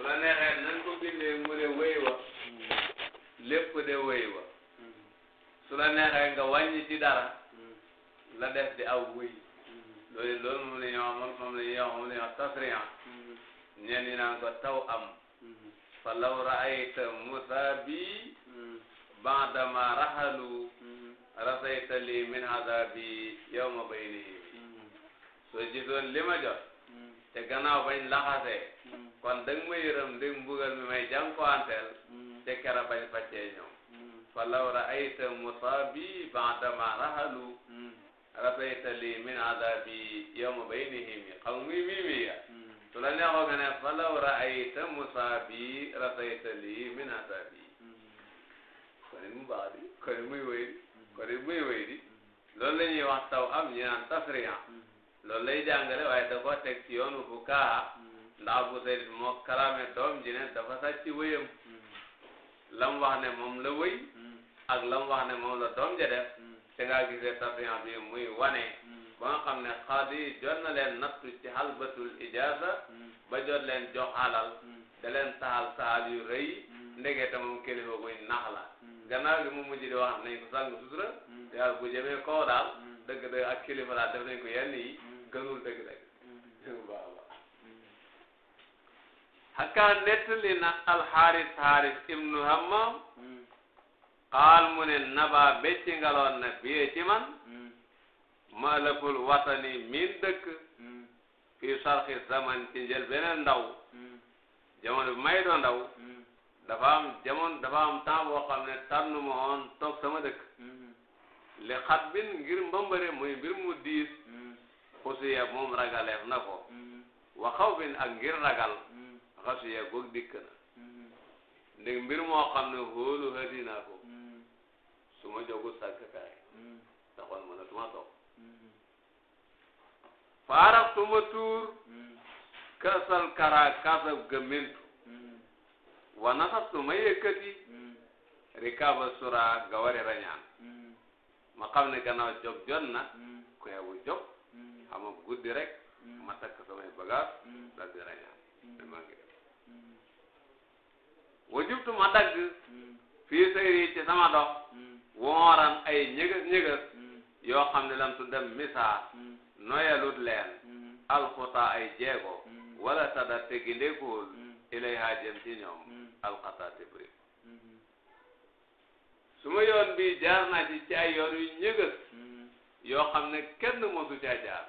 su la neexee nan ko bindee mu ne wéy wa lépp de wéy wa su la neexee nga dara la def aw wéy loolu loolu moom la ñu wax moom la ñu wax moom la ñu taw am fa law raayta musa bi baadama rahalu rasayta li min azabi yawma baynihim soo gisoon li ma jot te gannaaw bañ laxasee kon da nga may yërëm ndég mbugal mi may jànkuwanteel ca mm. kera bañ faccee ñoom mm. fa law raayta musaabi baadama rahalu mm. rasayta li min adabi yawma baynihim yi xam muy mimi ya su la neexoo nga ne fa law raayta musaabi rasayta li min adabi kon mu baax di kon muy wéy kon muy wéy di loolu la ñuy am ñu naan tasriya loolu lay jàngale waaye da koo teg ci yoonu ndax Abu Zayd moo kalaame doom ji ne dafa sàcc wéyam mm. lam wax ne moom la wéy mm. ak lam wax ne moom la doom ja def mm. te nga gisee tabian bi muy wane ba nga xam ne xaadi jot na leen nattu ci xalbatul ijaza ba jot leen jox alal da leen saxal yu rëy ndegete moom kilifa guy nax la gannaaw gi mu mujj di wax nañ ko sàng sutura yàlla bu jëmee kaw daal dëgg dëgg ak kilifa daal def nañ ko yenn yi gënul dëgg dëgg haka nettali na alxaaris xaaris ibnu hammam xaal hmm. mu ne naba becci ngaloon na biye ci man hmm. malakul watani min dëkk hmm. fii sarxi zaman ci njël beneen ndaw jamono bi may doo ndaw dafa am jamono dafa am temps boo xam ne tànnu ma woon toog sama dëkk li xat bin ngir mbambare muy mbir mu diis xusiya moom ragaleef na ko waxaw bin ak ngir ragal xasiya goog dikk na mm-hmm. ndeg mbir moo xam ne hóolu hëddi naa ko mm-hmm. su ma jogu sàkkkaay mm-hmm. taxoon mën a tuma toog faaraf tuma tuur kasal karaa kasab gëmmintu wa nasaf tuma yëkkati rikaaba suraa gawari rañaan ma xam ne gannaaw jog jot na ku yabu jog xam guddi rek ma takk samay bagaas dal di rañaan wajubtu ma dagg fii sayri ci sama dox wooran ay ñëgës ñëgës yoo xam ne lam tu dem misaar noyalut leen alxuta ay jeego wala tada tegindekuul ilayha jëm ci ñoom alxata tibri su ma bi jaar naa ci ci yu ñëgës yoo xam ne kenn mosu caa jaar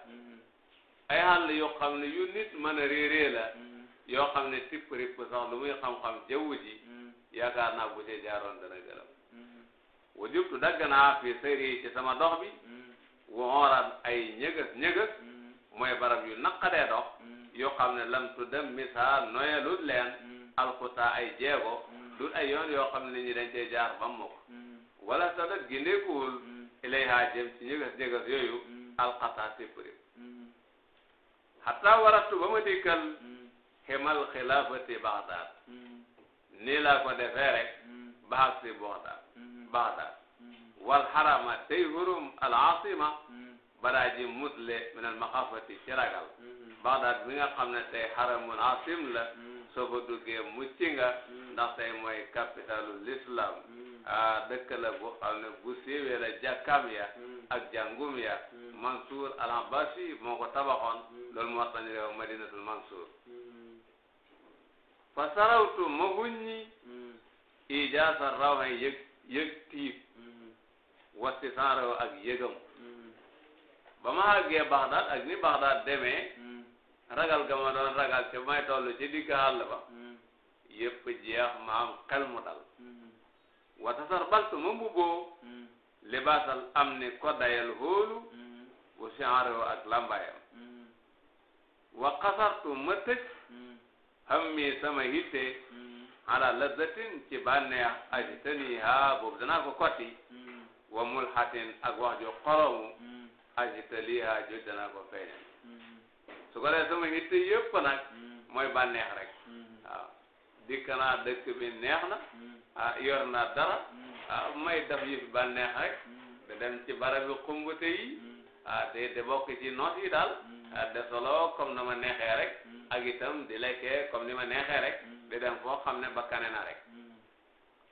ay xàll yoo xam ne yu nit mën la yoo xam ne tipp ripp sax lu muy xam-xam jaww ji mm. yaakaar naa bu ci jaaroon dana gërëm mm-hmm. wajubtu dagg naa fi sëri ci sama dox bi mm-hmm. wooraan ay ñëgës ñëgës mm-hmm. mooy barab yu naqadee dox yoo xam ne lam tu dem misaa noyelut leen alxutaa ay jeego dul ay yoon yoo xam ne nit ñi dañ cee jaar ba mokk wala sa dëkk gindeekuwul ilayha jëm ci ñëgës ñëgës yooyu alxataa tipp ripp xataa waratu ba ma dikkal ximal xilaafati baxdaat mm-hmm. nii laa ko defee rek mm-hmm. ba ak mm-hmm. wal xarama tey hurum al asima badaa ji min al maxaafati ci ragal baxdaat bi nga xam ne tey xaramun asim la soo ko duggee mucc tey mooy capitalu l'islam ah dëkk bu xam ne bu siiwee la jàkkaam ya ak al Abbasi moo ko tabaxoon loolu moo tax ñu ne Madinatul fa sarawtu ma wuññi hmm. ijaasa rawxen yëg yëg tiib hmm. wasti saaraw ak yëgam hmm. ba ma àggee Baxdaad ak ni Baxdaad demee ragal ga ma doon ragal ca may toll ci digg àll ba yëpp jeex ma am xel mu dal wa tasarbaltu ma mbubboo libaasal am ni ko dayal hóolu wa ak lambayam wa xasartu ma tëj hammi sama hitte ala lazzatin ci bànneex ajtaniha boobu danaa ko kotti wa mulhatin ak wax ju xoromu ajtaliha joj danaa ko feeñal su ko defee hitte yëpp nag mooy bànneex rek waaw naa dëkk bi neex na ah yor naa dara ah may daf yi bànneex rek da ci barabi xumbute yi ah te de ci noot yi daal Euh, de solo comme ni ma neexee rek mm. ak itam di lekkee comme ni ma neexee rek mm. di dem foo xam ne bakkane na rek mm.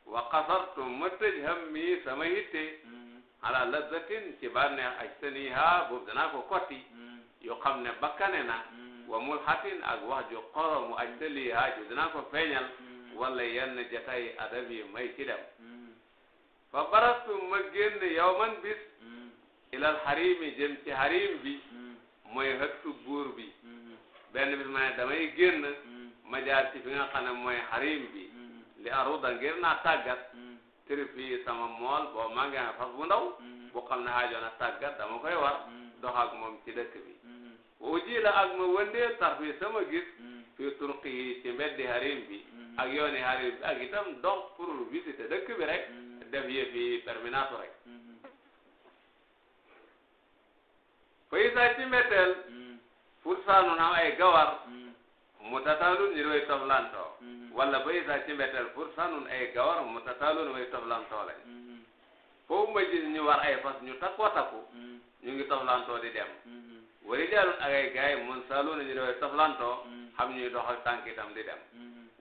wa qasartu ma tëj hammi sama yitte ala lazzatin ci bànneex ajtaniha boobu danaa ko kotti yu xam ne bakkane na wa mulhatin ak wax ju xoromu ajtaliha ju danaa ko feeñal wala yenn jataay adab yi may ci dem fa barastu ma génn yow man bis ilal harimi jëm ci harim bi mooy xëttu buur bi mm-hmm. benn bis ma ne damay génn mm-hmm. ma jaar ci fi nga xam mooy xarim bi mm-hmm. li aruda ngir naa tàggat tër fii sama mool boo maa ngi amee fas bu ndaw bu xam ne aajoon na tàggat dama koy war dox ak moom ci dëkk bi woo ji la ak ma wëndee tar fii sama gis fii turqi yi ci mbeddi xarim bi ak yooni xarim bi ak itam dox pour visiter dëkk bi rek def yëf yi permanence rek fay saa ci métteel hmm. fursaanu na am ay gawar hmm. mutataalun ñu doy toflantoo hmm. wala fay saa ci métteel fursaanun ay gawar mutataalun way toflantoo lañ foofu ma gis ñu war ay fas ñu takkoo takku ñu ngi toflantoo di dem wari jaalun ak ay gaay mun saaluna ñu doy toflantoo xam ñuy dox ak tànk itam di dem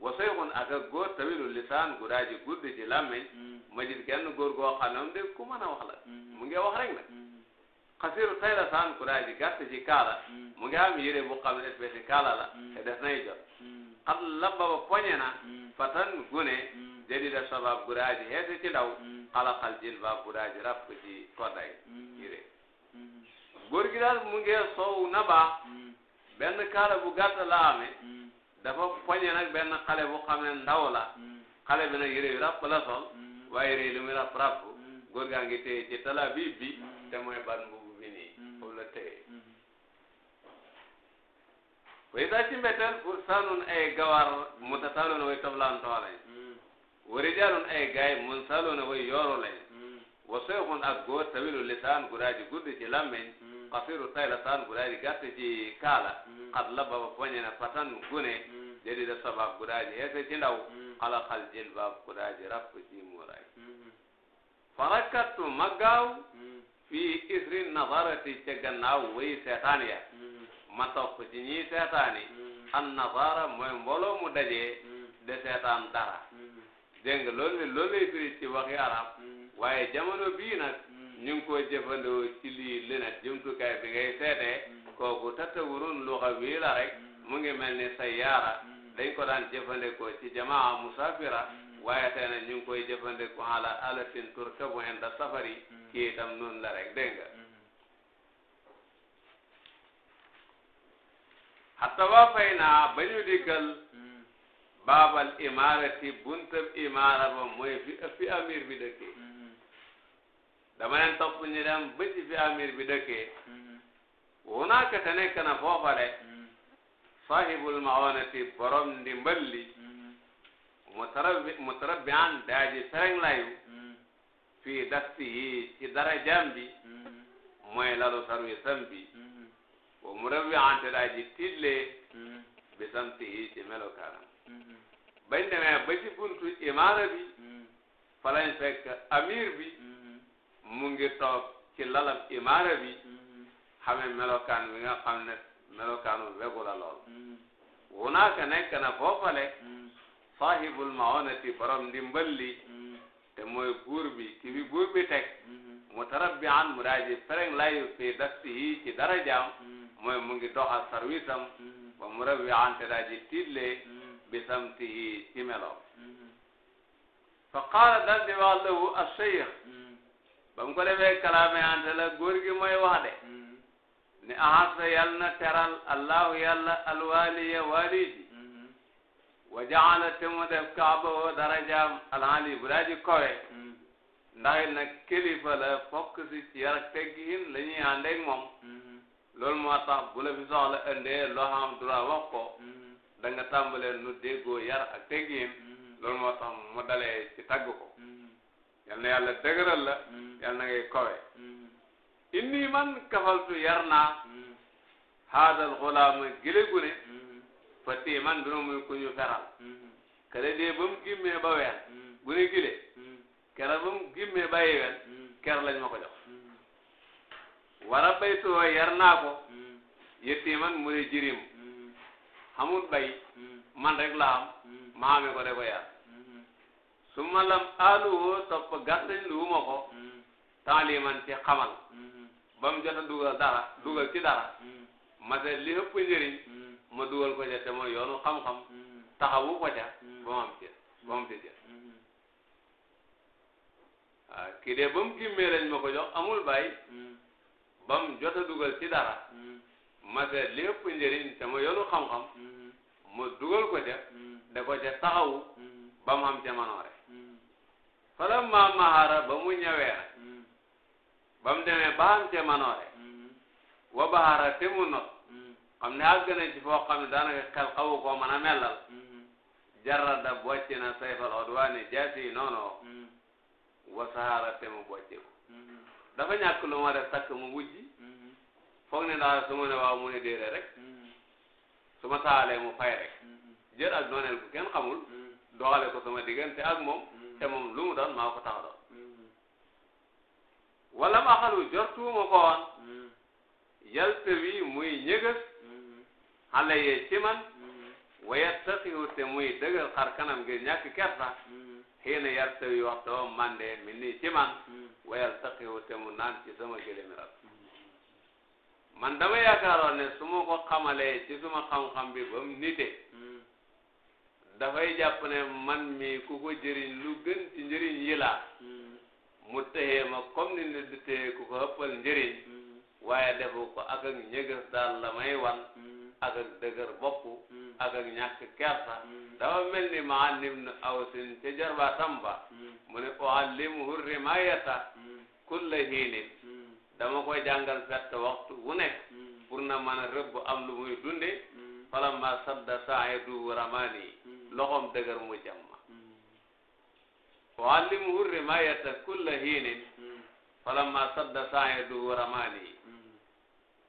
wasayxun ak ak góor tawilu lisaan gudaaji gudd ci làmmiñ ma gis kenn góor goo xam ne moom de ku mën a wax la mu ngi wax rek nag xasiru tay la saan kuraay ji gàtt ci kaala hmm. mu ngi am yére bu xam ne beti kaala la hmm. te def nay jot xat hmm. la ba ba poñe na fatan gune jadi da sabab kuraay ji xeetu ci ndaw xalaxal jilbaab kuraay ji ràpp ci kodday yére góor gi daal mu ngi soow na baax benn kaala bu gàtt la dafa poñe nag benn xale bu xam ne ndaw la xale bi nag yére yu ràpp la sol waaye yére yi lu muy ràpp ràpp góor gaa ngi téye ci tala te mooy ban téye way daa ci mbetteel saalun ay gawar mu ta saaluna way toblaantoo lañ wari jaalun ay gaay mun saaluna way yooru lañ wa ak góor tawilu lisaan gudaa ji gudd ci làmmeñ xasiru tay saan gudaa ji ci kaala xat la baba poñe patan gune jadi da sabab gudaa ji heese ci ndaw xala xal jilbaab gudaa ji rapp ci muuraay farakattu maggaaw fii isri nazarati ca gannaaw wéy seetaan ya ma topp ci ñiy seetaani an nazara mooy mbooloo mu dajee de seetaan dara dégg nga loolu loolu lay firi ci waxi arab waaye jamono bii nag ñu ngi koo jëfandoo ci lii li nag jumtukaay bi ngay seetee kooku tattawurun luxa wii la rek mu ngi mel ni sayyaara dañ ko daan jëfandikoo ci jamaa musafira waaye tey nag ñu ngi koy jëfandiku ala alatin turkabu safari ci mm. itam noonu la rek dégg mm. hatta waa fay naa ba dikkal mm. baabal imaarati buntab imaara ba mooy fi amir bi dëkkee dama leen topp ñu dem fi amir bi dëkkee wunaaka te nekk foofale sahibul maonati borom ndimbal li mu tarabbi mu tarabbi an daa ji fereng layu fii yi ci darajaam bi mooy lalu sarwisam bi wa mu rabbi an te daa ji tiitlee bi yi ci melokaanam bañ demee ba ci buntu imaara bi fa fekk amir bi mu ngi toog ci lalam imaara bi xamee melokaan bi nga xam ne melokaanu wegu la lool wunaaka nekk na foofale saahibul maonati borom ndimbal li mm-hmm. te mooy buur bi ki bi buur bi teg mm-hmm. mu tarabbi an mu daa ji fereng layu fii dafsi yi ci darajaam mm-hmm. mooy mu ngi doxal service am ba mu rabbi an te daa ji tiitlee bisam ti yi ci meloom fa qaala dal di wax lahu asheikh ba mu ko defee kalaame ante la góor gi mooy wax de ne ahasa yal na teral allahu yàlla alwaaliya waali ji wa jaala te mu def kaaba woo darajaam alhaali bu daa ji kowe ndax it nag kilifa la fokk si ci yar ak teggin la ñuy ànd ak moom loolu moo tax bu la fi soxla indee loo xam droit wax ko da nu déggoo yar ak teggin loolu moo tax mu dalee ci tagg yal na yàlla dëgëral la yal na kowe inni man kafaltu yar naa haadal xulaama gile gune fëtti man bi muy ku ñu feral mm-hmm. kere dee ba mu gimmee ba weer mm-hmm. bu ne mm-hmm. kere ba mu gimmee ba yeween kere lañ ma ko jox wara bay too yar naa ko man mu jirim xamul bay man rek la am ko de ko yar su ma lam aaluwoo topp ma ko temps man ci xamal ba jot a dara dugal ci dara ma li ëpp ma dugal ko ca te yoonu xam-xam mm-hmm. taxawu ko mm-hmm. ca ba mu am ba mu am ca ca mm-hmm. ah, kii de ba mu gimmee lañ ma ko jox amul bàyyi ba mu jot a dugal ci dara ma seet lépp njëriñ te mooy yoonu xam-xam ma dugal ko ca da ko ca taxawu ba mu am ca manoore fala ma mahara ba mu ñëwee ba mu demee ba am ca manoore wa bahara xam ne àgg ci foo xam ne daanaka xel xawu koo mën a melal mm-hmm. jarada bocci na sayfal odwaani jaasi noono mm-hmm. wasaara te mu bocci ko mm-hmm. dafa ñàkk lu ma def takk mu wujji foog ne daal su ma ne waaw mu ne déere rek su ma saalee mu fay rek jër ak nooneel bu kenn xamul doxale ko sama diggante ak moom te moom lu mu doon ko tax doon wala ma xalu jortuuma ko woon yalta wi muy ñëgës xale yee ci man waye taxiwu te muy dëggal xar kanam ngir ñàkk kersa xëy na yar tawi waxtu wa mande mi nii ci man wayal taxiwu te mu naan ci sama gëlëm ral man dama yaakaaroon ne su ma ko xamalee ci suma xam-xam ba mu nite dafay jàpp ne man mi ku ko jëriñ lu gën ci njëriñ yi laa mu ma comme ni nit di tëxee ku ko ëppal njëriñ waaye defu ko ak ak ñëgës daal la wan ak ak dëgër bopp hmm. ak ak ñàkk kersa hmm. mel ni maalim nu awsin ca jarba tamba hmm. mu ne uallimuhu rimayata kulla hiinin dama koy jàngal fett waxtu wu nekk na mën rëbb am lu muy dunde falamma sadda saidu ramani loxom dëgër mu jamma uallimuhu rimayata kulla hiinin falamma sadda saidu ramani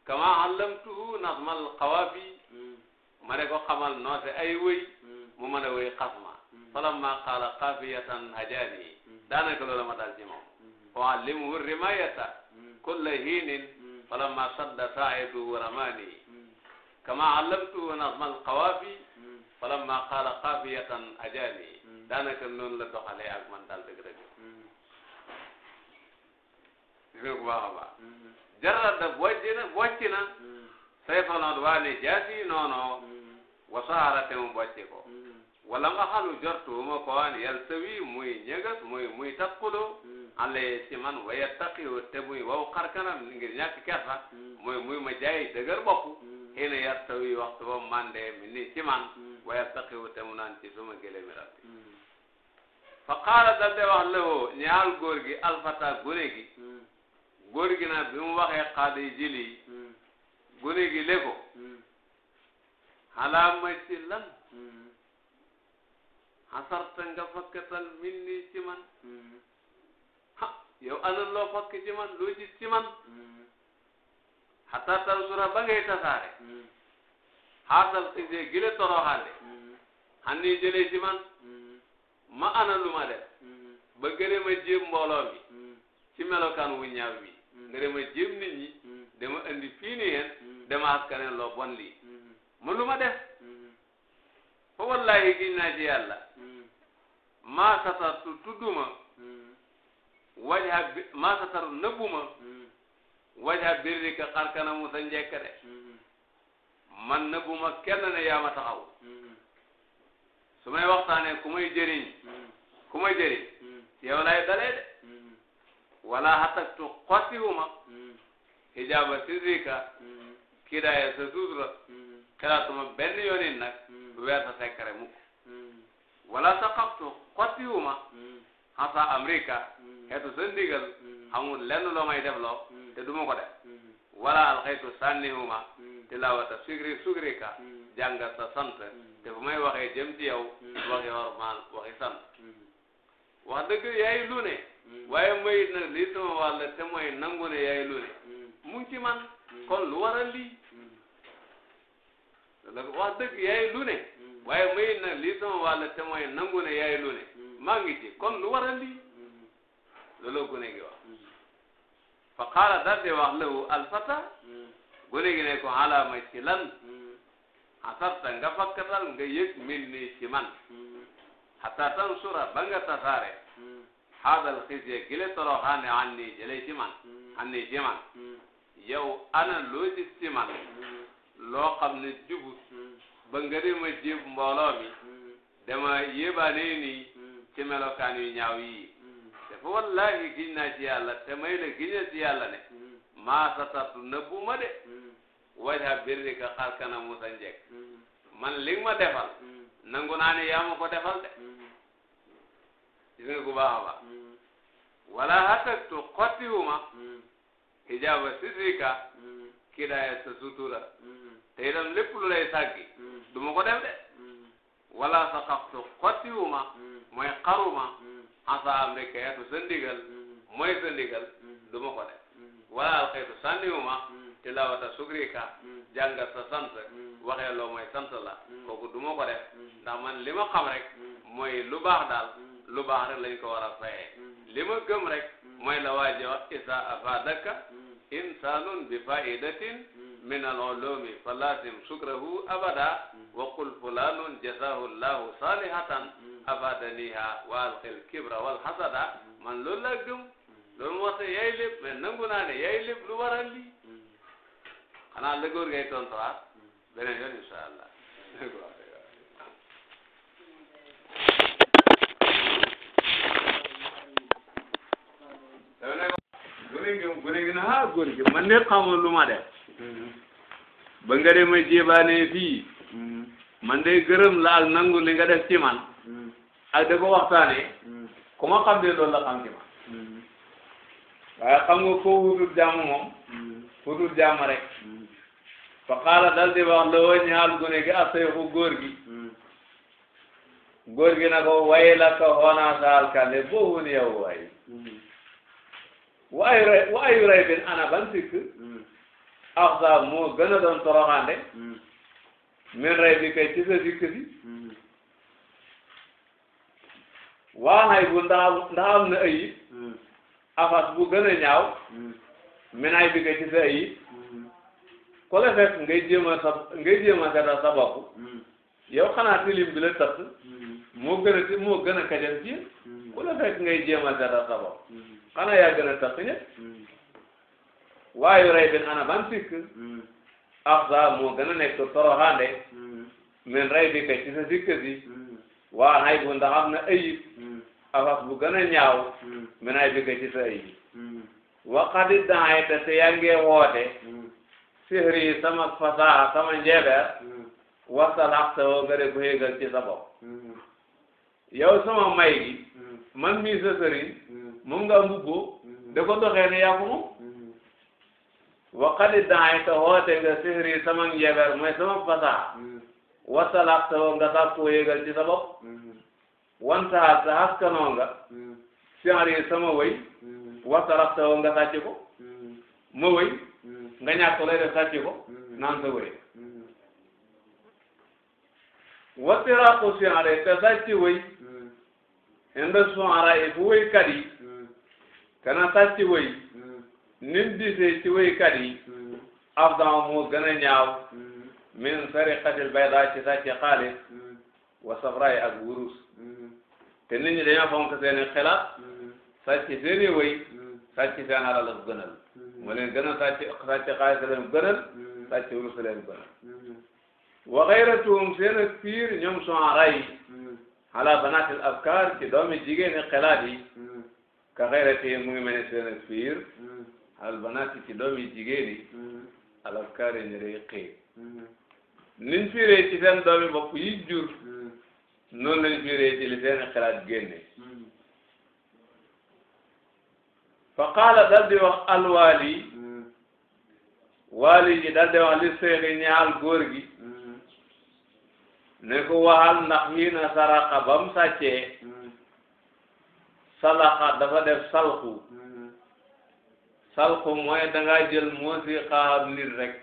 kama allamtuhu nazmal xawaabi ma ne ko xamal noote ay wëy mu mën a wëy xasma falamma qaala xaafiyatan hajaani daanaka loola ma dal ci moom wa allimhu rimayata kulla hiinin falamma sadda saa'iduhu ramaani kama allamtuhu nazmal xawaabi falamma qaala xaafiyatan hajaani daanaka noonu la doxalee ak man daal dëgg-dëgg. gis nga bu baax a baax. jarada bojjina boccina sayfanoon waali jaasi noono wasaara te mu bocci ko wala nga xalu jortuuma ko an yal sawi muy ñegas muy muy takkulo ale ci man waya taqiyo te muy waw xarkanam ngir ñàkk kersa muy muy ma jaay dëgër bopp xëy na yar sawi waxtu ba mande mi ni ci man waya taqiyo te mu naan ci suma gële mi rabbi fa qaala dal de wax lëwoo ñaal góor gi alfata gune gi góor gi nag bi mu waxee xaadi jili hmm. gune gi le ko hmm. xalaa ma ci lan hmm. xasarta nga fakkatal min nii ci man ha yow ana loo fakk ci man loo ci man xataa tal sura ba ngay tasaare xaatal ise gile toroxaale xan nii jëlee ci man ma ana lu ma def ba gëne ma ci melokaan wu ñaaw bi nga dama jéem nit ñi mm-hmm. dama andi fii ni yéen mm-hmm. dama askaneen loo bon lii mm-hmm. mënu ma def fa wallahi giñ naa ci yàlla maa satartu tudduma wajha bi maa satartu nëbbuma wajha birrika xar kanamu sa njekk de man nëbbuma kenn yaa ma taxaw su may waxtaanee ku may jëriñ ku may jëriñ yow lay dalee de wala hataktu xosiwuma hmm. hijaaba sirrika hmm. kiidaaya sa suutura hmm. xelaatuma benn yoonin nag bu weer sa sekkare mukk wala saqaftu xosiwuma xasa amrika xeetu sa ndigal xamul lenn loo may def loo te du ko def wala alxaytu sànniwuma tilawata sugri sugrika jàngat sa sant te bu may waxee jëm ci yow waxi hormal waxi sant Mm. waaye mooy nag lii sama wàll te mooy nangu lu ne mm. mu man mm. kon lu waral lii wax dëgg yaay lu ne waaye mooy nag lii sama wàll te mooy nangu lu ne maa kon lu waral lii loolu gune gi wax fa qaala daal di wax alfata gune gi ne ko ala ma ci lan asarta nga fakkatal nga yëg mil nii ci man xata tan sura ba nga tasaare xaadal xisye gile toroxaane an nii jëlee ci man an nii man yow ana loo gis ci man loo xam ne jubut ba nga dem a jib mbooloo mi dama yéebaanee nii ci melokaan yu ñaaw yii dafa wallaahi giñ naa ci yàlla te may la giñal ci yàlla ne maa satatu nëbbu ma de wajha birrika xarkana musa njëkk man li nga ma defal nangu naa ne yaa ma ko defal de gis nga ku baax a baax wala hataktu xottiwuma mm. hijaaba sitrika mm. kidaaya sa sutura mm. te itam lépp lu lay sàggi du ko def de wala saqaftu xottiwuma mooy xaruma asa amrika yatu sa ndigal mooy sa ndigal du ma ko def wala alxaytu sànniwuma tilawata sukrika jàngal sa sant waxee loo mooy sant la kooku du ko def ndax man li ma xam rek mooy lu baax daal lu baax rek lañ ko war a mm-hmm. li ma rek mm-hmm. mooy la waa ji wax isa afadaka mm-hmm. insanun bi faidatin min al ulumi fa lazim abada wa qul fulanun jazahu llahu salihatan abadaniha wa alqil wal hasada man loolu laa gëm loolu moo tax yaay lépp mais nangu naa ne yaay lépp lu waral lii xanaa lëgóor ngay tontuwaat ah? beneen yoon gi mu ne gën a góor gi man de xamul lu ma def ba nga dem a man de gërëm laal nangu li nga def ci man ak da ko waxtaanee ku ma xam de loolu la xam ci man waaye xam nga koo wutul jàmm moom wutul jàmm rek fa xaala dal di wax la woo ñaal gune gi asayxu góor gi góor gi na ko waye la ko xoonaa saal kande boobu ni yow waay wa ayu ray wa ana ban sikk hmm. afda moo gën a doon toroxaande hmm. min ray bi kay ci sa sikk hmm. waa nay bu ndax am na ayib afas bu gën a ñaaw min ay bi kay ci sa ayib ku la fekk ngay jéem a sa ngay jéem a seetal sa bopp yow xanaa tilim bi moo gën a moo gën a kajam ci mm-hmm. ku la fekk ngay jéem a seetal sa bopp xanaa mm-hmm. yaa gën a tax mm-hmm. ana ban sikk afsa moo gën a nekk toroxaande min rey bi kay sa sikk si waa hay bu ndax am na ayib afas bu gën ñaaw min ay bi kay ci sa ayib waxati dangay te te yaa ngee woote sihri sama fasaha sama njeebeer wasal xaq sa woo nga de ko yëgal ci sa yow sama may gi mm-hmm. man mii sa sëriñ mm-hmm. moom nga mbubboo mm-hmm. da ko doxee ne yaa ko moom waqati daay te woote nga sihri sama njeber mooy sama fasaa wasalaat sa nga sax koo ci sa bopp wantaat sa askanoo nga sihri sama wëy wasalaat sa nga sàcc ko ma wëy nga ñàkk lay def sàcc ko naan sa wëy wasiraaku sihri te sàcc wëy inda suara yi bu wéykat yi kana sàcc wéy nim disee ci wéykat yi afdan moo gën a ñaaw min sariqatil bayda ci sàcc xaalis eh. wa safraay ak wurus eh. te nit ñi dañoo fonk seeni xelaat eh. sàcc seeni wéy sàcc seen alal la gënal moo leen gën a sàcc sàcc xaalis leen gënal sàcc wurus leen gënal wa xayratuhum seen ak piir ñoom suara yi ala banaatil afkaar ci doomi jigéeni ka xayrati mu ngi mel ne seen ak fiir al banaati ci doomi jigéeni al afkaar yi ñu rey xëy niñ fiiree ci seen doomi bopp yi jur noonu lañ fiiree ci li seen xelaat génne fa qaala dal di wax alwaali waali ji dal li seexi ñaal góor gi ne ko waxal ndax yi saraxa ba mu sàccee salaxa dafa def salxu salxu mooy danga jël moosi xaaxam nit rek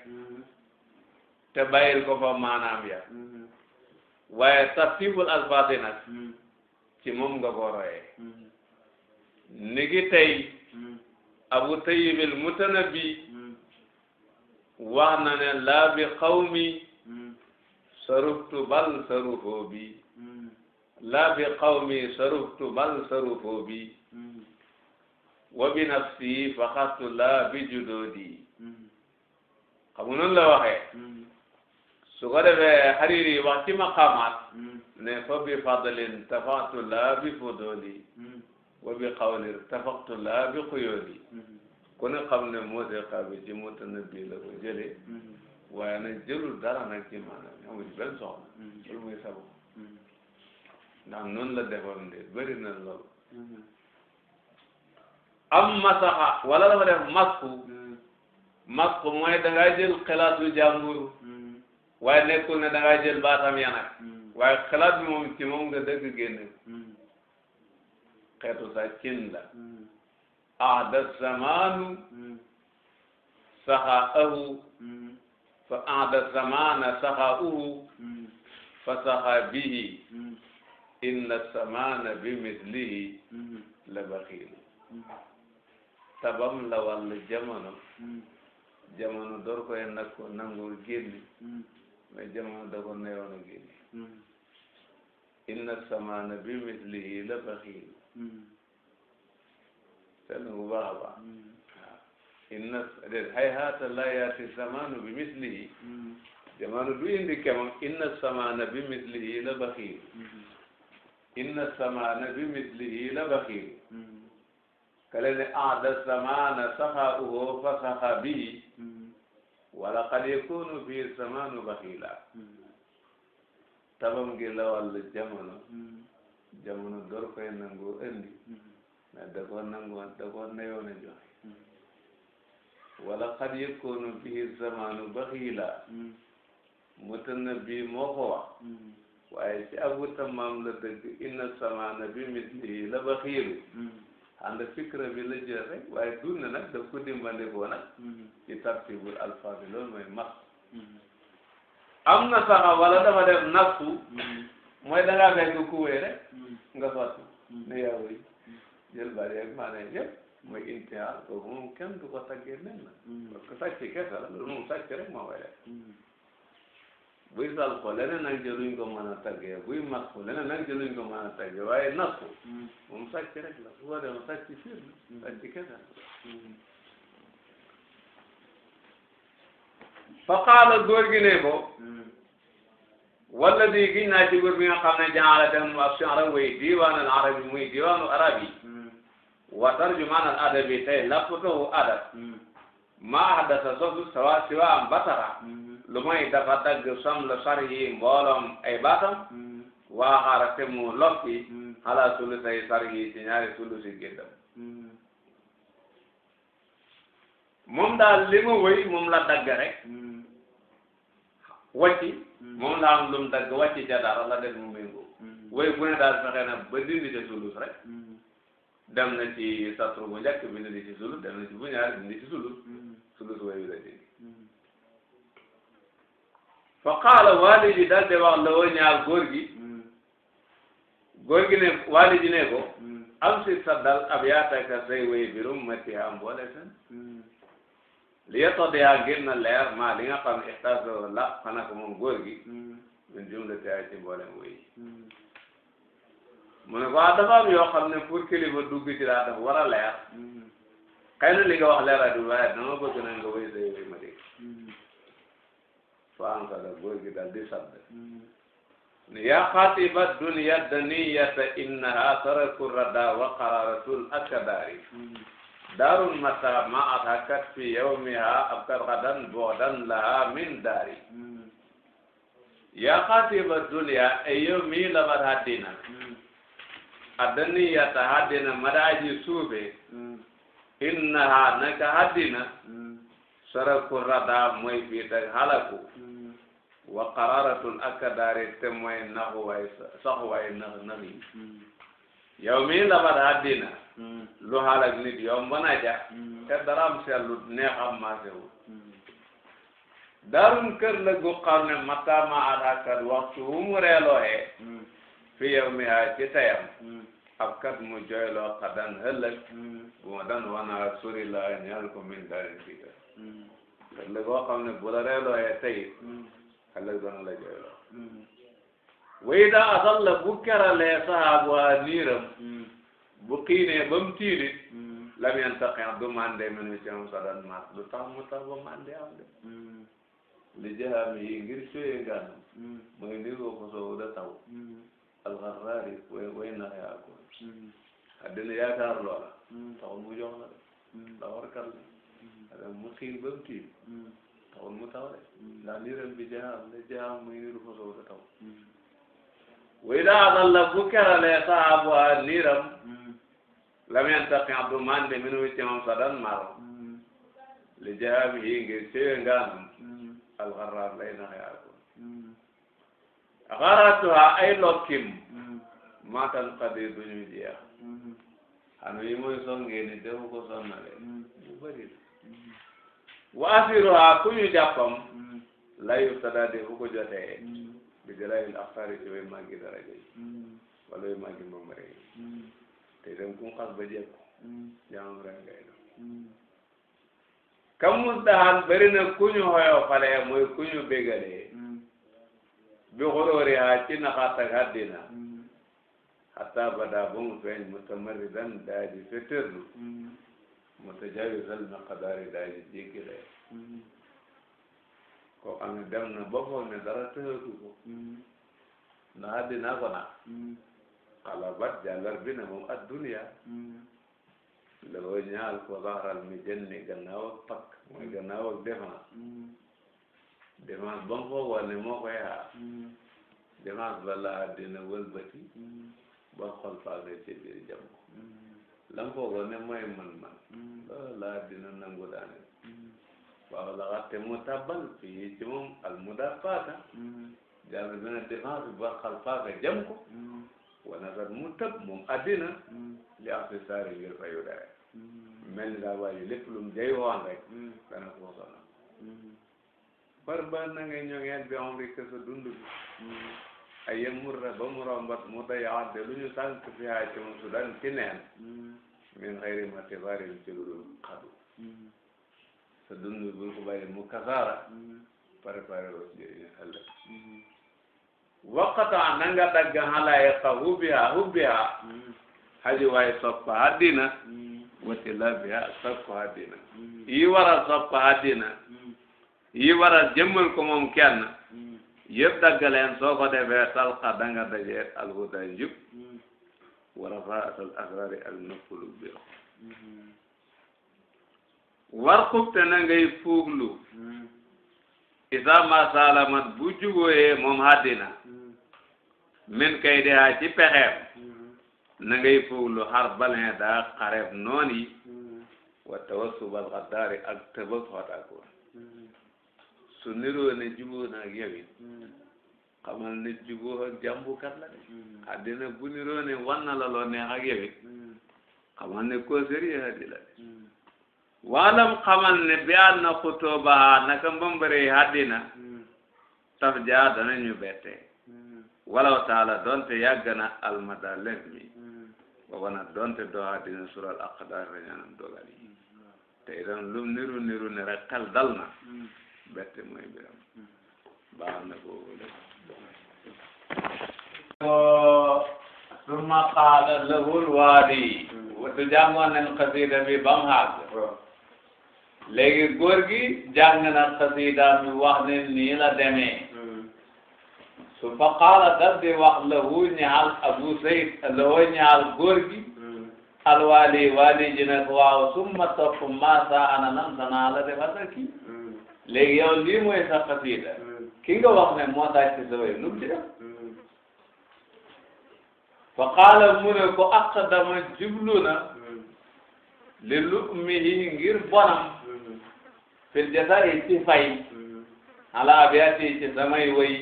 te bàyyil ko fa maanaam ya waaye tartibul alfaati nag ci moom nga ko royee ni ki tey abu tayyibil mutanabi wax na ne laa bi xawmi saruftu bal sarufoo bi hmm. laa bi qawmi saruftu bal sarufoo bi hmm. wa bi nafsi faxastu laa bi judoodi hmm. xam nga noonu la waxee su ko defee Hariri wax ci maqaamaat ne fa bi fadlin tafaqtu laa bi fudoodi wa bi qawlin tafaqtu laa bi xuyoodi ku ne xam ne moo de xaabi ci la ko waaye nag jëlul dara na ci maanaam amul benn soxla loolu mooy sabab ndax noonu la defoon de bëri na lool am masaxa wala dafa def masku masku mooy da ngaa jël xalaatu jàmbur waaye nekkul ne da ngaa jël baatam ya waaye xalaat bi moom ci moom nga dëgg génne xeetu sa cin la ahda zamaanu saxaahu fa aada samaana saxa uhu hmm. fa saxa bihi hmm. inna samaana bi mislihi hmm. la baxiilu tabam la wàll jamono jamono door koy nag ko nangul génni mais jamono da ko neyoon a génni inna samaana bi mislihi la baxiilu seen bu baax a baax inna déet hayhaata laa yaati bi mislihi zamanu du indi kemam inna bi mislihi la baxiir inna samana bi mislihi la baxiir kale ne aada samana saxaa uhu fa wala qad yakunu fii zamanu baxiila tabam la wàll jamono jamono door koy nangoo indi mais da koo nangoo da koo neyoon a wala qad yakunu bihi zamanu baxila hmm. mutanabbi moo ko wax hmm. waaye ci abu tamam la dëgg inna zamana bi mislihi la baxilu hmm. ànd fikra bi la jël rek waaye dund nag daf ko dimbandikoo nag ci tartibul alpha loolu mooy mas am na saxa wala dafa def nafsu mooy dangaa fekk ku wéy rek nga fàttu yaa wéy jël bari ak maanaam yëpp mooy intihaal boobu moom kenn du ko taggee nen na parce que sàcc la loolu moom sàcc rek moo koy def buy sal ko leneen nag jëluñ ko mën a taggee buy mas ko leneen nag jëluñ ko mën a taggee waaye nas ko moom mm. mm. sàcc rek la su ko defee sàcc fiir la sàcc kese mm. la fa qaala góor gi ne ko walla di giñ naa ci góor bi nga xam ne jaala dem ak si arab way diwaanal arab yi muy diwaanu arab yi wa tarjumaan al adabi tey lappatoo adab maa hmm. haddasa sosu sawa siwaam batara hmm. lu may dafa dagg sam la sar yi mbooloom ay eh, baatam hmm. waaxaara te mu lokki xalaa sulu say sar yi ci ñaari sulu si géddam moom daal li mu wéy moom la dagg rek wàcci moom la am lu mu dagg dara la def mu méngoo wéy bu ne na ba dindi ca sulus rek dem na ci satru bu njëkk bind di ci sulut dem na ci bu ñaar bind ci sulut sulut ji dal de wax la woo ñaar góor gi mm-hmm. gi ne waali ji ne ko mm-hmm. am si sa dal ab yaataka say way birum matiha mboole seen mm-hmm. li yetta na leer maa li nga xam ixtaasoo la xanaa ko moom góor gi min jumla te ay ci mboolem way mu ne ko ah dafa yoo xam ne pour kilifa dugg ci laa dafa war a mm-hmm. li nga wax leer a dul waaye dama bëgg nañ nga wéy sa ma dégg faanka la góor gi daal di sadd mm-hmm. ne yaa xaatiba dunya daniyata innaha taraku rada wa qararatul akadari mm-hmm. daarul mata ma atakat fi yawmiha abkar xadan boodan laha min daari yaa xaatiba dunya ay yow mii labat haddina addaniyata haddina madaaji suube mm. innaha naka haddina mm. saraku rada mooy biitag halaku mm. wa qararatun akka daari te mooy naxuwaay saxuwaay nax nax yi yow mii labat haddina lu halak nit yomb na ja te daraam sellu neexam maasewul daarum kër la gu xam ne matama atakkat waxtu wu mu reeloohee fi yow mi ha ci tayam ab kat mu jooyloo xadan hëllëg bu ma dan wana suri la ñaan ko min darin fiita hëllëg koo xam ne bu la reeloo ye tey hëllëg dana la jooyloo way daa asal la bu keralee sahaabu ha niiram bu xiinee ba mu tiilit lam yantaqin du mande minu ci am sadan mas du tax mu tax ba mande am de li jaxam yi ngir sooyee gànnam mooy ndir ko ko soowu da taw alxarraari way way naxe yaa ko addina mm. loola mm. taxul mu jox la de lawarkat mm. la mu xiir ba mu tiim taxul mu taw de ndax bi jaam ne jaam muy niru fa sow da taw way daa dal la bu keralee saabu a niram lam yantaqi abdu mande minu ci moom sadan maro li jaam yi ngir cëwe ngaanam alxarraar lay naxe yaa ko xaratuha ay lokkim matal xadir du ñu jeex xanu yi mooy songee ni defu ko sonnale ñu bëri wa asiruha ku ñu jàppam layu sada defu ko jotee bi jëlayil axtaari ci way màggi daraja yi wala way màggi mbambare yi te dem ku mu xas ba jekku jaamam rek ngay def kam musdahan bëri na ku ñu xoyoo falee mooy ku ñu bégalee bi xolooriha ci naxaat ak àddina xataa badaa ba mu feeñ mutamaridan daa ji fetërlu mutajawisal miqdaari daa ji jéggi lee koo xam ne dem na ba foog ne dara tëhatu ko ndax àddina ko nag xalabat jàllar bi ne moom adduniya la ko ñaal ko zahral mi jënni gannaaw ak pakk mooy gannaaw ak défense dimanche ba mu foogoon ne moo koy xaar dimanche ba laa dina wëlbati mm. ba xol faa ngay ci biir jam mm. ko mm. la mu foogoon ne mooy man-man loolu laa dina nangu daane waaw la xatte mu tàbbal fii ci moom al mu daa faata jàll bi na dimanche ba xal faa nga jam ko wana kat mu tëb moom àddina li ak si saari ngir fayu dara mel ni daa waaye lépp lu mu jay woon rek dana ko sonal farban na nga ñoŋeel bi omri sa dund bi mm. ay yem ba mu rombat mu dayaat de lu ñu sànq fi haa ci mu sudan ci neen mm. min xayri ma tibarin ci mm. sa dund bi bul ko bàyyi mu kasaara préparé woo ci yéen ëllëg waqata na nga dagg xalaay xa hubbiha hubbiha haji waay soppa haddina wati labiha soppa haddina yi wara soppa haddina yi waral jëmmal ko moom kenn hmm. yëpp daggaleen soo ko defee talxa danga dajee alhuda njub hmm. wa rafaat al asrari ak nëppulu biir hmm. war xubte na ngay fuuglu isa ma salamat bu jugóoyee moom haddina min kay dehaa ci pexeem na ngay fuuglu xar balin daa xareef noon yi wa tawassubal xaddaari ak tëbëg xotakoon su niroo ne juboo na ak yow it hmm. xamal ne juboo ak jàmbukat la de hmm. àddina bu niroo ne wan na la loo neex ak yow it hmm. ne koo sérieux hadi la de waalam xamal ne bi an na xutoo baa naka mbambare àddina taf jaa danañu bette walaw taala donte yàgg na almada lef mi booba nag donte doo àddina sural aqdar la ñaanam dogal yi te itam lum niru niru ne rek xel dal na bette mooy biram hmm. baax na ko wala summa qaala lahul waadi hmm. watu jàngoon nañ xasida bi ba mu xàgg léegi góor gi jàng na xasida wax ne nii la demee hmm. su fa di wax lahu ñaal abu zayd lahu ñaal góor gi alwaali waali ji nag waaw summa topp maasa ana nan sanaa la defal kii léegi yow lii mooy sa xasida ki wax ne moo daaj ci sa way nu mu ci def fa qaala mu ne ko aqdama jublu na li lumihi ngir bonam fil jasari ci fay ala abiyaati ci samay way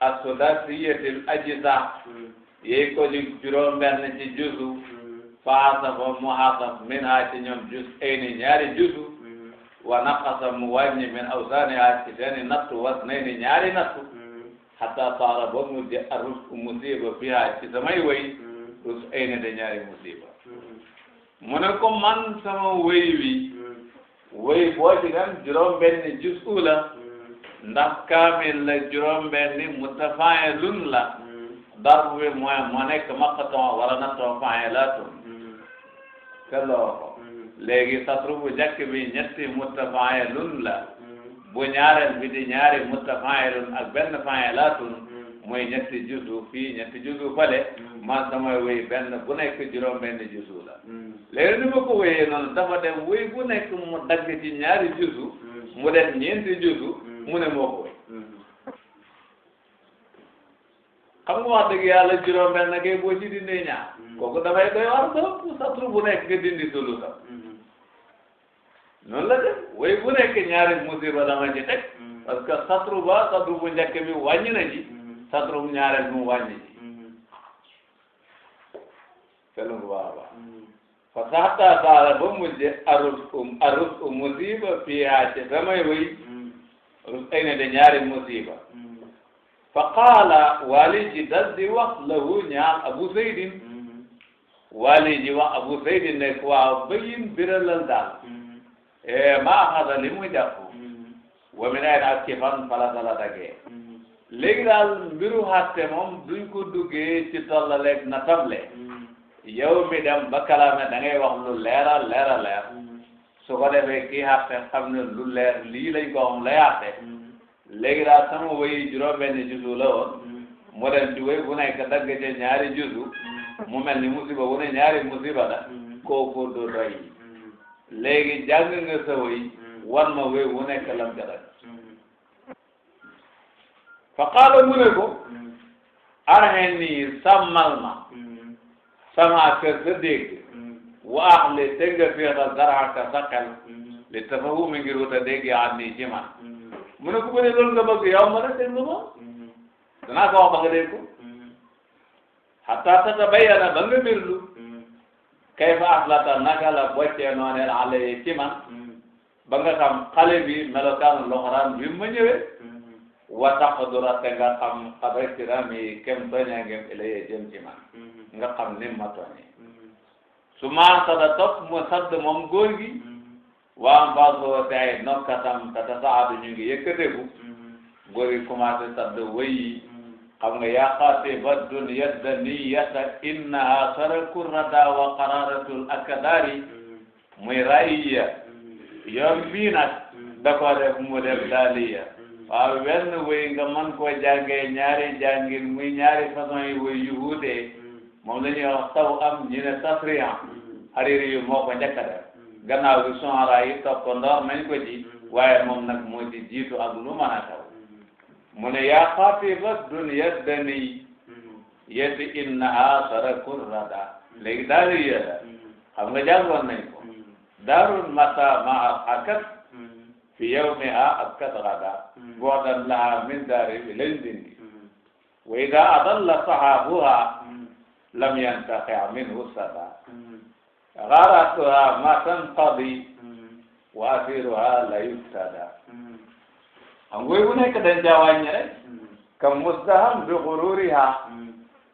asudasiyatil ajisa yey ko ci juróom benn ci jusu fa asaba mu asab min ha ñoom jus ay ñaari jusu wa naqasa mu wàññi min awsaanihaa ci seeni nattu was nay ni ñaari nattu hmm. hatta saara ba mu di arrusku musiba fiha ci samay way hmm. rus ay ne de ñaari musiba hmm. mu ne ko man sama way wi way boo ci dem juróom-benni jusu la ndax kaamil la juróom-benni mutafaa'ilun la darbu bi mooy moo nekk maqaton wala natto faa'ilaatun te loo léegi satru bu njëkk bi ñetti mutafaayilun la mm. bu ñaareel bi di ñaari mutafaayilun ak benn faayilaatun mm. mooy ñetti juzu fii ñetti juzu fale mm. man samay wéy benn bu nekk juróom benn juzu la léegi ni ma ko wéyee dem wéy bu mu dagg ci ñaari juzu mu def ñeenti juzu mu ne moo ko wéy xam nga wax dëgg yàlla juróom benn kay boo ci dindee ñaar kooku dafay doy war ba satru bu nekk nga dindi sulu sax noonu la def way bu nekk ñaari musiba dama ci teg mm. parce que satru ba satru bu njëkk bi wàññi na ji mm. satru bu ñaareel mu wàññi ji felu ngu baax a fa saxta saala ba musiba fiyaa mm. ay na de ñaari musiba fa qaala waali ji dal di wax lahu ñaar abu zeydin waali ji wax abu zeydin ne waaw bayin biralal daal maa xasa li mu jàpp wa mi nay ak ci fan fala sala dagee léegi mbiru xatte moom duñ ko duggee ci tollaleeg na table yow mi dem ba kalaame da ngay wax lu leera leera leer su ko lu leer lii lañ ko xam lay xatte léegi daal sama wéyi juróom-benn jusu la woon mu dem ci wéy bu nekk dagg ca ñaari mu mel ni musiba wu ne ñaari musiba da kooku du doy léegi jàng nga sa wéy hmm. wan ma wéy wu nekk lam ca daj hmm. fa qaala mu ne ko hmm. arxen nii sàmmal ma sama kër sa dégg waax li te nga féexal daraaka sa xel li tafahumi ngir wut a dégg yaa nii ci man mu ne ko ne loolu nga bëgg yow ma ne dégg nga ma danaa ko wax ba nga dégg ko xataa tatabayyana ba nga mbirlu kayfa aflata naka la boccee nooneel alayhi ci man ba nga xam bi melokaanu loxoraan bi ma ñëwee wa taqdura te nga xam xabar tirami kem tooñaa ngeen ilayee jëm ci nga xam ni ma tooñee su ma sada topp mu sadd moom góor gi waa mbaasoo te ay nokkatam te tasaadu ñu ngi yëkkateeku góor gi commencé sadd wëy xam nga yaa xaatiba dunya daniyata innaha saraku rada wa qararatul akdari mm-hmm. muy raiya mm-hmm. yoon bii nag da ko mu def mm-hmm. daaliya waaw wenn wéy nga man koo jàngee ñaari jàngin muy ñaari façon yi wéy yu wuute moom la ñuy am ñu ne tasriyan moo ko njëkk a def gannaaw yi topp ndoor nañ ji waaye moom nag moo jiitu ak lu mu ne yaa xaatiba dunya dani mm-hmm. yeddi innaha saraku rada mm-hmm. léegi daaru yéla mm-hmm. xam nga jàngoon nañ ko daarul mata ma akat fi yawmiha akat rada boodan laha min daari bi lañ dindi wa ida adalla sahabuha lam yantaqi minhu sada xaaratuha ma tanqadi wa asiruha la yuftada xam nga bu nekk dañ caa wàññi rek ka mustaham bi xururiha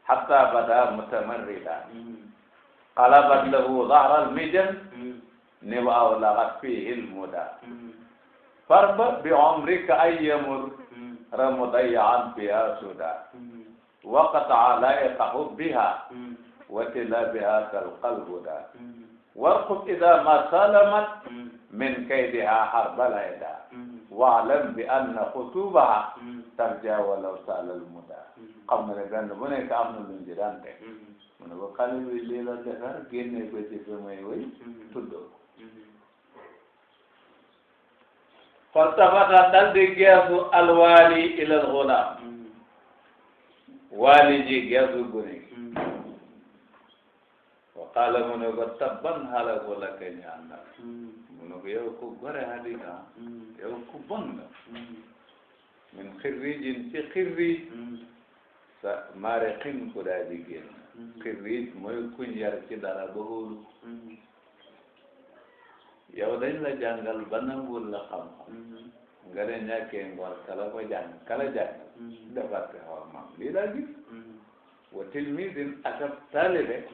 hatta bada mutamarrida qalabat lahu zahral mijan ni wa awlaxat fihi lmuda farba bi umrika ay yamur ramudayaan biha suda waqata laiqa hubbiha wa tilabiha kalqalhuda warqub ida ma salamat min kaydiha harbal hayda waalam bi anna xutuubaha tarja walaw saalal muda xam nga ne benn bu nekk am na luñ ci daan teg mu ne ko xale bi lii la defar génne ko ci fi muy wëy tuddoo faltafata dal di geesu alwaali ilal xulaam ji geesu gune gi wa qaala mu ne ko tabban xalaku laka ñaan na mu ne ko yow ku gore hadina mm. yow ku bon la mm. min xirrijin ci xirrij mm. maariqin ku daa di génn mooy kuñ yar ci dara ba yow dañ la jàngal ba nangul la xam-xam nga ne ñàkkee ngor ko jàng kala jàng dafarte xormam lii daa gis wa tilmidin akab taalibe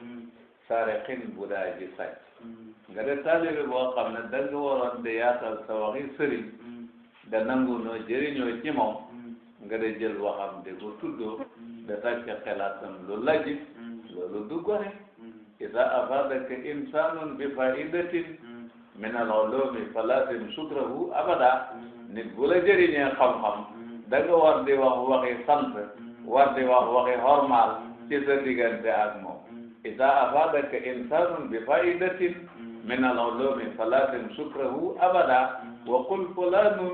saariqin bu daa ji nga def taalibe boo xam ne da nga waroon de yaatal sa waxi sëriñ da nangu noo jëriñoo ci moom nga de jël waxam de ko tuddoo da tàgg xelaatam lu lajib loolu du gore ida afadaka insanun bi faidatin min al ulumi falazim sukrahu abada nit bu la jëriñee xam-xam da di wax waxi sant war di wax waxi hormal ci sa diggante إذا أفادك إنسان بفائدة من العلوم فلا تنسكره أبدا وقل فلان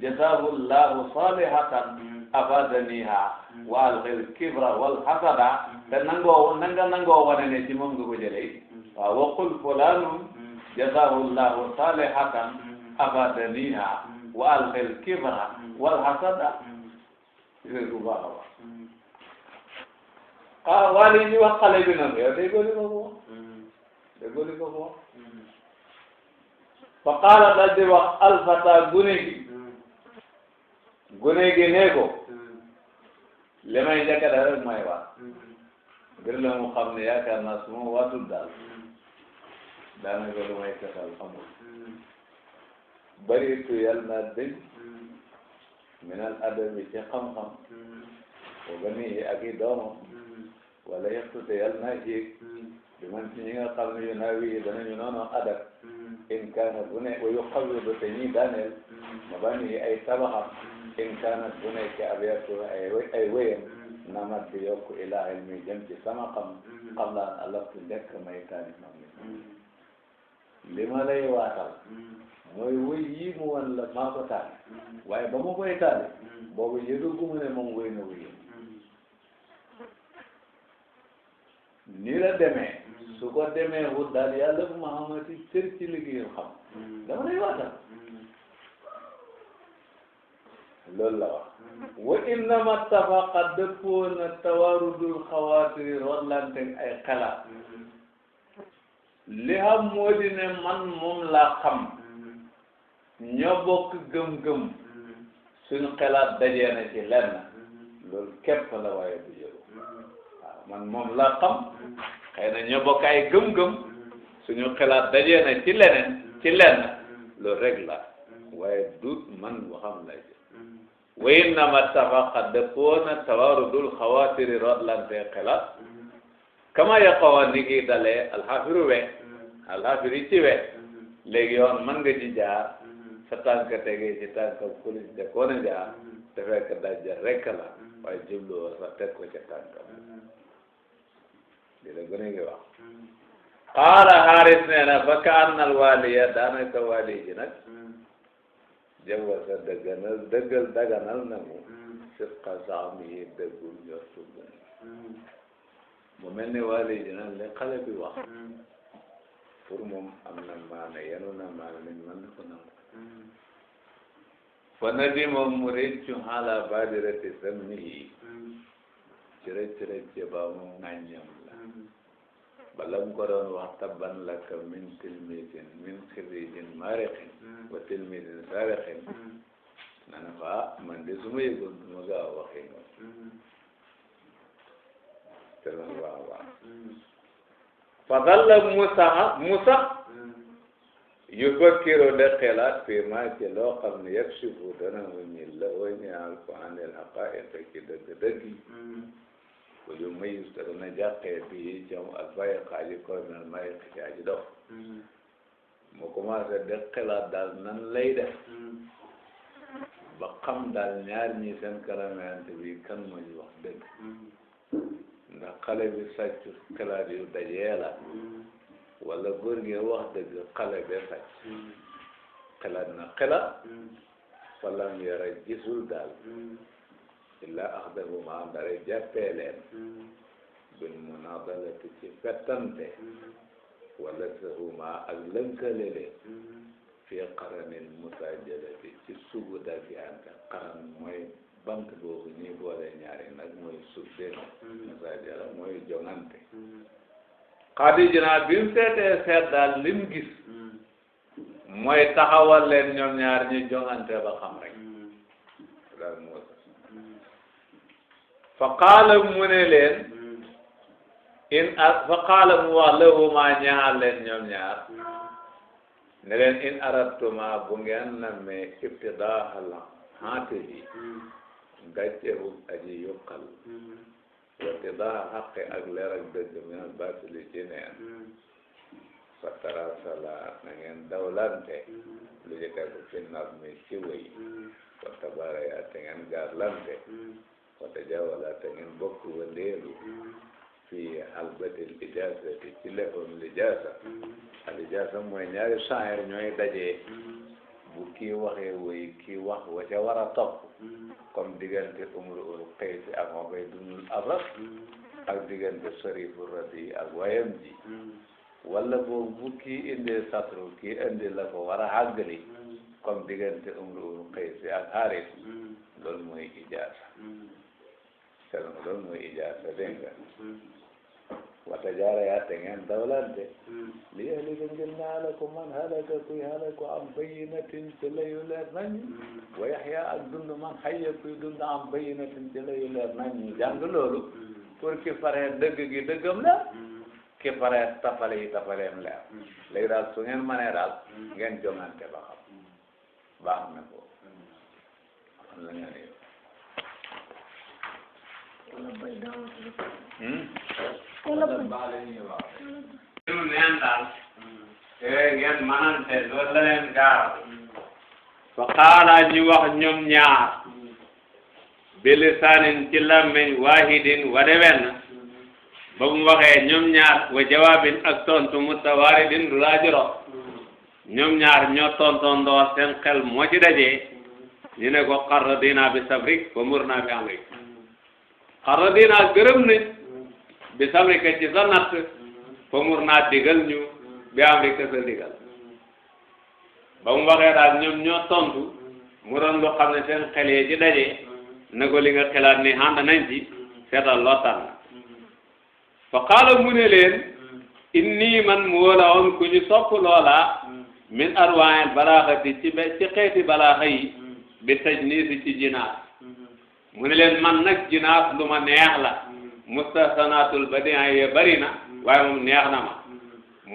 جزاه الله صالحة أفادنيها وألغي الكبر والحسد te nangoo nanga nangoo wane ne ci moom nga ko jëlee waaw waqul fulaanum jazaahu llahu saalihatan afadaniha wa alxil kibra wal hasada ah waa lii ñu wax xale bi noonu yow déggoo li ko ko wax hmm. déggoo li ko ko wax fa qaala di wax alfata gune gi hmm. gune gi nee ko hmm. li may njëkk a def rek may waat ngir la mu xam ne yaakaar naa su ma waatul daal daanaka lu may fetal amul baritu yal naa dëñ minal xam-xam wa banihi ak i doomam wala yëkkute yal na yéeg bi a ci ñi nga xam ne yu naa wii danañu noonu adak in kaana bu wayu xawidu te ñi daaneel ma ba nii ay tabaxam in kaana bu nekk ay ay wéyam namat di ilaa ilmi jëm ci sama xam xamlaan alaftu njëkk may taani xam ni li ma lay waatal mooy wéy mu wan la maa ko taani waaye ba ma koy taani boobu yëgaguma ne moom na wéyam nii la demee mm. su ko demee wut daal yàlla bu ma xamante ni cër ci liggéeyam xam mm. dama lay waatal mm. loolu la wax wa innama tafaqa dëppoo na tawarudul xawaatiri rotlante ay xalaat li xam moo di ne man moom laa xam ñoo bokk gëm-gëm suñu xalaat dajee na ci lenn loolu képp la waaye du yëg man moom laa xam xëy na ñoo bokk gëm-gëm suñu xalaat dajee na ci leneen ci lenn loolu rek la waaye duut man waxam lay jël wa innama tafaqa dëppoo na tawaarudul xawaatiri rotlante xalaat kama yaqawa ni ngi dalee alxafiru we alxafiri ci we léegi yoon man nga ci jaar sa tànk tegee ci tànk kulis de koona jaar te fekk dajja rekk la waaye jubluwoo sax teg ko ca tànkam li la gone gi wax qaala na fa ka annal waaliya daanaka waali ji nag jawasa dëgganal dëggal daganal na mu sirqa saam yi dëggul njortu gone mu mel ni waali ji nag li xale bi wax pour moom am na maana yenu na maana nit na ko nangu fa nadima mu réccu xaala baadirati samnihi ba mu ŋàññam bala mu ko doon wax tabban laka min tilmisin min xirijin maariqin hmm. wa tilmisin saariqin hmm. na ne ko ah, man de su ma yëgoon du ma gaaw a waxee noonu hmm. te loolu waaw Musa Musa yufakkiru de xelaat fii maa ci loo xam ne yakshifu dana mu ñil la wa ñaal ko anil haqaa'iq ci wala yu may yus dana jàqee bii jam ak bàyyi xaaji koy mel may xaaji dox mm-hmm. mu commencé de xelaat daal nan lay def mm-hmm. ba xam daal ñaar ñi seen kalameante bi kan ma ñu wax dëgg mm-hmm. ndax xale bi sàcc xelaat yu dajee la wala góor gi wax dëgg xale bee sàcc xelaat na xelaat wala mu yara gisul daal illaa axdahu ma dara jàppee leen mm-hmm. bil munadalati ci fettante mm-hmm. wala sahuma ak lënkale leen mm-hmm. fi qaranin musaajalati ci sugu dafiyante qaran mooy banque boobu ñuy boole ñaari nag mooy suddena musaajala mooy jongante xaadi jinaa bi mu seetee seet daal li mu gis mooy taxawal ñoom ñaar ñi jongante ba xam rek daal fa mu ne leen in a fa mu wax lahuma ñaar leen ñoom ñaar ne leen in aradtuma bu ngeen namee ibtidaahal xaatili gàccehu aji yokkal wa ibtidaa xaqi ak leer ak dëgg minal baatili ci neen fa tarasala na ngeen dawlante lu ci tegu fi nab mi ci wéy wa te ngeen gaarlante wata jawala te ngeen bokk wëndeelu fii halbatil ijaasa ti ci lefam lijaasa mm-hmm. al ijaasa mooy ñaari saayir ñooy dajee mm-hmm. bu kii waxee woy kii wax wa ca war a topp mm-hmm. comme diggante umru ul qays ak ubaydul abras ak bu kii indee satru kii indi war a xàggali comme diggante umru ul qays ak xaaris loolu mooy ijaasa selon loolu mooy ijaasa dégg nga wata jaara yaa te ngeen dawlante li yahlika ngir na halako man halaka kuy halako am bayinatin ci layu leer nañu wa yaxya ak dund man xayya kuy dund am bayinatin ci layu leer nañu jàng loolu pour ki faree dëgg gi dëggam la ki faree tafale yi tafaleem leer léegi daal su ngeen manee daal ngeen jongante ba xam na ko diw neen daal ngeen ñu wax ñoom ñaar bilisaanin ci làmmiñ waahidin wade wenn ba mu ñoom ñaar wa jawaabin ak tontu mutawaaridin du laajuro ñoom ñaar ñoo tontondoo seen xel moo ci dajee ñu ne ko xarradina bi sabrik wa murna bi amrik xarra dinaa gërëm nañ bi samrika ci sa natt fa mur naa digal ñu bi amrika sa digal ba mu waxee daal ñoom ñoo tontu mu lu xam ne seen xel yi ci daje na ko li nga xelaat ne ànd nañ ci seetal loo tànn fa mu ne leen inni man mu wóola woon ku ñu sopp loola min arwaayil balaaxati ci be ci xeeti balaaxa yi bi taj nii si ci jinaar mu ne leen man nag jinaas lu ma neex la mustahsanatul badi'a ye bari na waaye moom neex na ma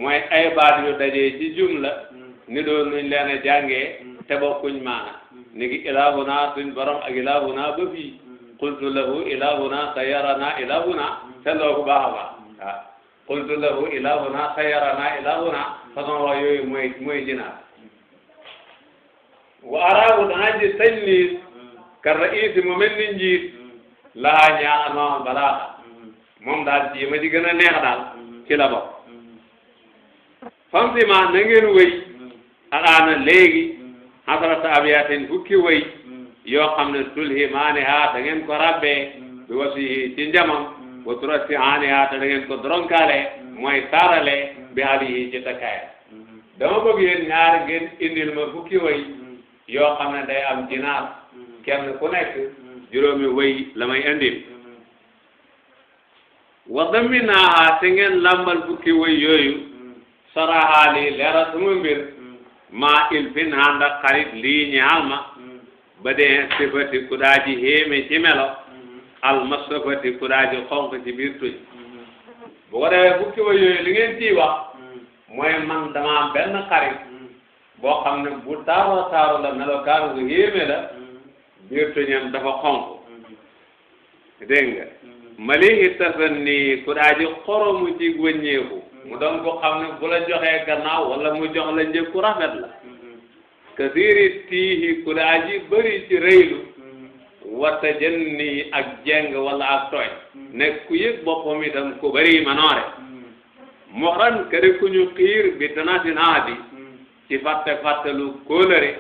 mooy ay baat yu dajee ci jumla ni doon nuñ leen a jàngee te bokkuñ maana ni ngi ilahuna suñ borom ak ilahuna ba fii qultu lahu ilahuna sayarana ilahuna seetloo ko baax a baax waaw qultu lahu ilahuna sayarana ilahuna façon wax yooyu mooy mooy jinaas wa araabu danaa ji sëñ niis ka raisi mu mel ni njiit laa ñaa anoo balaa mm-hmm. moom daal ji ma ji gën a neex daal mm-hmm. ci la bokk mm-hmm. famsi ma na ngeen wéy alaana léegi hasarata abiyatin fukki wéy yoo xam ne tulhi maani ha da ngeen ko rabbee bi wasihi ci njamam wa turasi aani ha te ngeen ko dronkaale mooy taarale bi alihi ci takkaaya dama bëgg yéen ñaar ngeen indil ma fukki wéy yoo xam ne day am jinaar kenn ku nekk mm-hmm. juróomi way la may andil mm-hmm. wadaminaaha te ngeen làmbal bukki way yooyu mm-hmm. saraha lii leeral suma mbir maa il fin handa xarit lii ñaal ma ba dee sifati kudaaji héeme ci melo almasafati kudaaji xonq ci biir tuñ bu ko bukki way yooyu li ngeen ciy dama benn xarit boo xam ne bu taaro taaro la melokaanu bu héeme la biir tuñam dafa xonk dégg nga malihi tasanni ku daa ji xoromu ci wëññeeku mu doon ko xam ne bu la joxee gannaaw wala mu jox la njëg ku rafet la kasiri tiihi ku daa ji ci rëylu wata jën ak jeng wala ak tooy nekk ku yëg boppam itam ku bëri manoore moxran kari ku ñu xiir bi tanasinaadi ci fàtte fàttelu kóolëre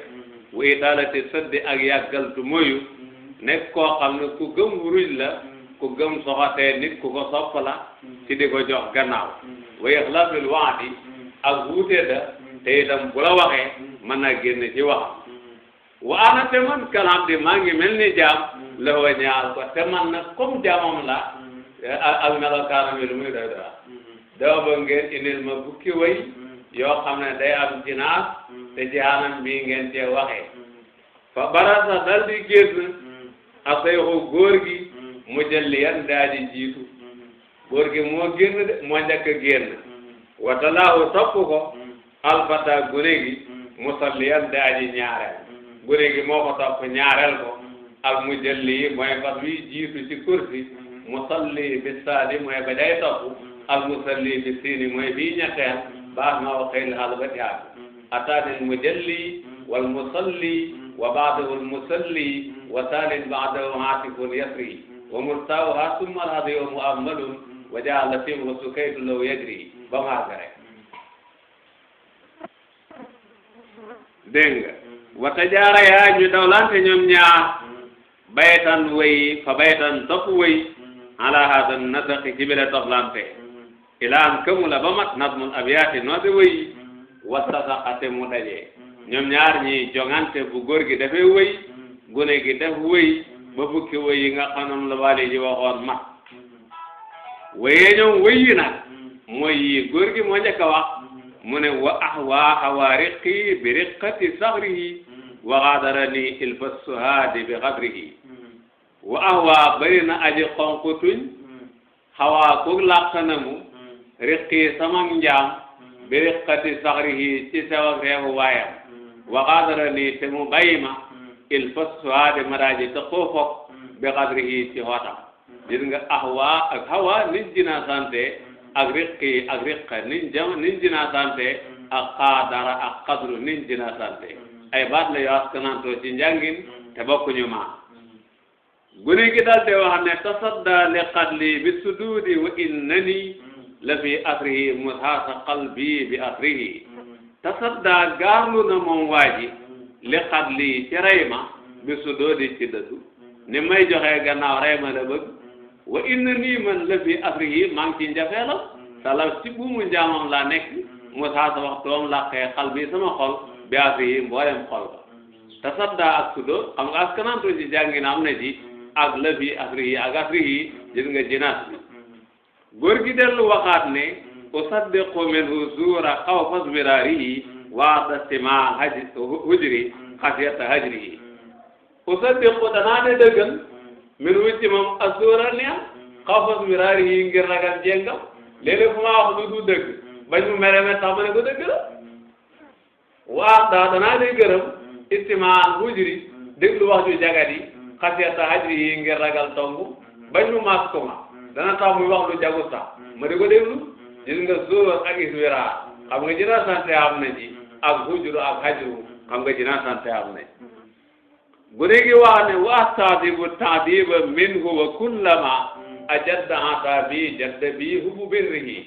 wa itaalati saddi ak yàggal du moyu mm-hmm. nekk koo xam ne ku gëm wuruj la mm-hmm. ku gëm soxatee nit ku ko sopp la mm-hmm. ci di ko jox gannaaw wa ixlaasil waadi ak wuutee da te itam bu la waxee mën naa génn ci wax waa ana te man kalaam di maa ngi mel ni jaam la wa ñaal ko te man nag comme jaamam la eh, ak melokaanam yi lu muy doy dara dama bëgg ngeen indil ma bukki way yoo xam ne day am jinaas te ci anam bii ngeen cee waxee fa barasa dal di génn asayxu góor gi mm-hmm. mu jël yan daa jiitu mm-hmm. góor gi moo génn de moo njëkk a génn mm-hmm. watalaahu topp ko alfata gune gi musalliyan daa di ñaareel gune moo ko topp ñaareel ko al mujalli mooy fas wi jiitu ci kursi musalli bi saadi mooy ba day topp al musalli bi siini mooy bii ñetteel baax na waxil al ba ataani almujalli walmusalli wa baadahu almusalli wa taalin baadahu aatifun yasri wa murtaahuha summa alhadiyu muammalun wa jaala simrusu kaytu law yajri ba maagare dégg nga wa tajaara yaa ñu dawlante ñoom ñaar baytan way fa baytan topp way ala hada nataqi ci bile doflante ilaan këmu la ba mat nazmul abiyaati noo de way wasasaqa te mu daje ñoom ñaar ñi jongante bu góor gi dafay wëy gune gi daf wëy ba fukki wëy yi nga xanom la wali ji waxoon mat wëyee ñoom wëy yi nag mooy yi góor gi moo njëkk wax mu ne wa ahwa xawaariqi bi riqati saxrihi wa xaadarani ilfassuhaadi bi xabrihi wa ahwa bëri na aji xonq xawaa ku làq na mu riqi samam bi riqati saxrihi ci sew ak reefu waayam waxaadara nii te mu bàyyi il faut suwaade maraaji te koo foog bi xadrihi ci xootam gis nga ahwa ak hawa niñ dina sante ak riqi ak riqa niñ jam niñ dina sante ak xaadara ak xadru niñ ay baat la yoo askanantoo ci njàngin te bokkuñu ma gune gi daal de wax ne tasadda li xatli bi sududi wa innani la fi asrihi musaasa qalbi bi asrihi tasadda gaarlu na moom waaji li xadli ci rayma bi su doodi ci dëddu ni may joxe gannaaw rayma la bëgg wa inna nii man la fi asrihi maa ngi ci njafeela salaf ci buumu njaamam laa nekk musaasa waxtoom laa xee qalbi sama xol bi asrihi mboolem xol ba tasadda ak su xam nga askanantu ci jàngi na am na ji ak la fi asrihi ak asrihi jël nga jinaas bi góor gi dellu waxaat ne usaddiqu minhu zuura xawfa zbiraarihi waada stima haj hujri xasiyata hajrihi usaddiqu danaa ne dëggal minhu ci moom azuura neex xawfa zbiraarihi ngir ragal jéngam léeg fu ma wax lu du dëgg bañ mu mere me tax ma ne ko dëgg la waada gërëm istimaa hujri déglu wax ju jagat yi xasiyata ngir ragal tongu bañ mu maas ko dana tax muy wax lu jagu mm-hmm. ma di ko déglu mm-hmm. gis nga sóor ak iswira mm-hmm. xam nga dina sante am na ji ak hujur ak hajru xam nga dina sante am na ji gune gi wax ne wa taadibu taadiba minhu wa kullama ajadda ataabi jadda bi hubu birrihi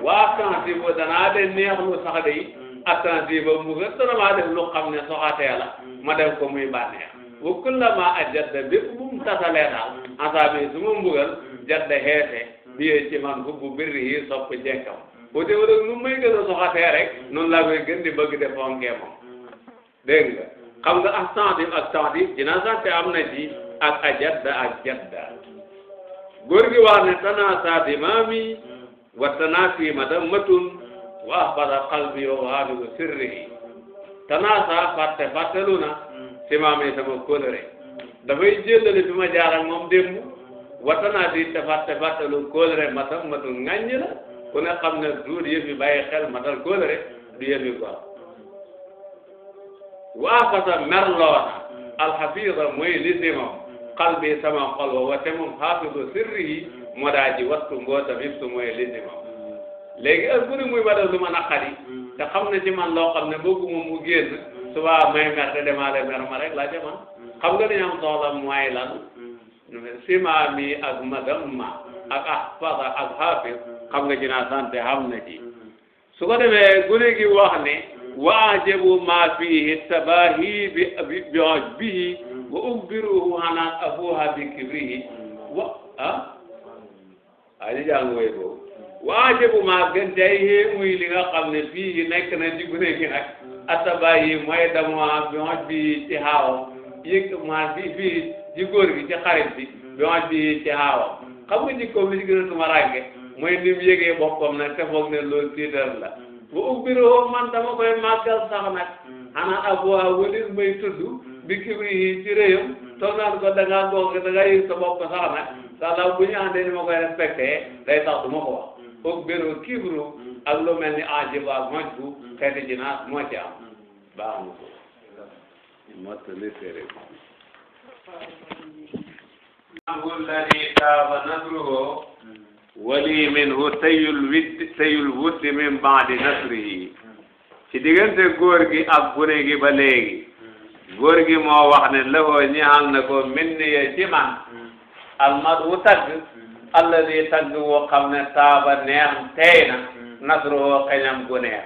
wa taadibu danaa de neexlu sax day ataabiba mu gën dana maa def lu xam ne soxatee la ma def ko muy bànneex wa kullama ajadda bépp bu mu tasalee daal ataabi su ma mbugal jadda heese biyee ci man hubbu birri yi sopp jekkam bu dee wala nu may gën a soxatee rek noonu laa koy gën di bëgg de fonkee moom dégg nga xam nga ak tahdib ak tahdib dinaa sante am na ci ak a jadda ak jadda góor gi wax ne tanaa saati maami wa tanaa siimata matun wa ahbata qalbi wa waamigu sirri mm. yi tanaa saa si maami sama kóllëre dafay jéllale fi ma jaar ak moom démb watanaati tefat tefatelu kóolere matal matul ŋàññ la ku ne xam ne duur yëf yi bàyyi xel matal kóolere du yëf yi quoi waa fasa merloona alxafiisa mooy li si moom qalbi sama xol wa wate moom xaafisu sirri yi moo daa ji wattu mbootam si moom léegi ak bu ne muy wadal lu ma naqari te xam ne ci man loo xam ne bëgguma mu génn suba may mer te demaale mer ma rek laa ca man xam nga dañu am soxla lan sima mi ak madamma ak ahfada ak hafiz xam nga dina sante xam na ci su ko defee gune gi wax ne wa ajabu ma fihi tabahi bi bi bihi wa ukhbiruhu hana abuha bi kibrihi wa ah aji jàng way boobu wa ajabu ma gën jay hee muy li nga xam ne na ci gune gi nag asabahi mooy damaa bi bi ci xaaw yëg ma fii fii ci góor gi ci xarit bi bi ma ci ci xaawam xam nga jikkoom li ci gën a tumarange mooy ni mu yëgee boppam nag te foog ne loolu tiital la bu ubbiroo man dama koy màggal sax nag ana abuwa walis may tudd bi kibri yi ci réyam toog naan ko da ngaa goog da ngaa yëg sa bopp sax nag sala bu ñu àndee ma koy respecté day tax du ma ko wax ubbiroo kibru ak lu mel ni ajiba ak moj bu xeeti jinaas moo ci am baax na ko mottali téere lahu alladi taaba nasruhu wali minhu tayul widd tayul wuddi min baadi nasrihi ci diggante góor gi ak gune gi ba léegi góor gi moo wax ne lahoo ñaxal na ko min niye ci man almar wu tagg alladi tagg woo xam ne taaba neex tey na nasruhu xeñam guneex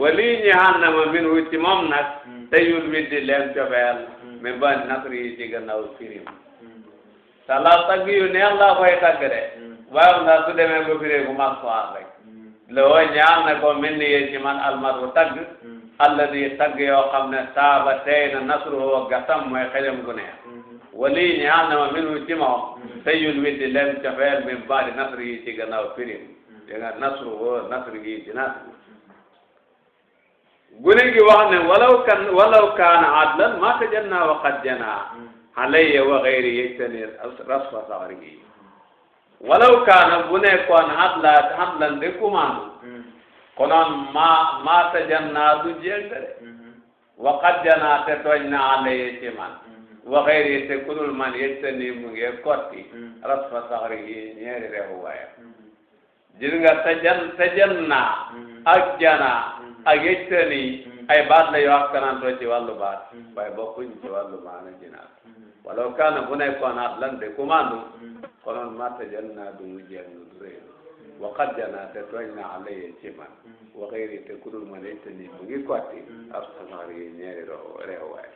wali ñaxal na ma min wu ci moom nag tayul mm. widdi leen cofeel mais ban nasr yi ci gannaaw firim sala tagg yu neex laa koy tagg de mm. waaye xam naa su demee ba firee bu mag mm. mel ni yéen ci man almaru tagg mm. alladi tagg yoo xam ne taaba tey na nasruhu gasam mooy xelam gu neex mm-hmm. wali ñaan ne ma minu ci moom mm-hmm. lem cofeel min baadi nasr ci gannaaw firim dégg mm-hmm. ci nasr gune gi wax ne walaw kan walaw kaana adlan maa tajanna wa qad jana hmm. alayya wa gayri yejtani rasfa sahrihi walaw kaana bu nekkoon adla adlan de kumaandu hmm. konoon maa maa tajanna du jeex de hmm. wa qad jana te tooñ na alayya ci man wa gayri te kudul man yejtani mu ngi kotti rasfa sahrihi ñeeri reewu waayam gis nga tajan tajan naa mm-hmm. ak janaa mm-hmm. ak ejtani mm-hmm. ay baat la yoo askanantoo ci wàllu baat waaye bokkuñ ci wàllu maana jinaat walaw kaana bu nekkoon atlan ko kumandu konoon ma tajan naa du mu jeex nu duréy waqat janaa te tooñ na alayya ci man waxeeri te kudul man ejtani mu ngi kotti ab samar yi ñeeri roo reew waay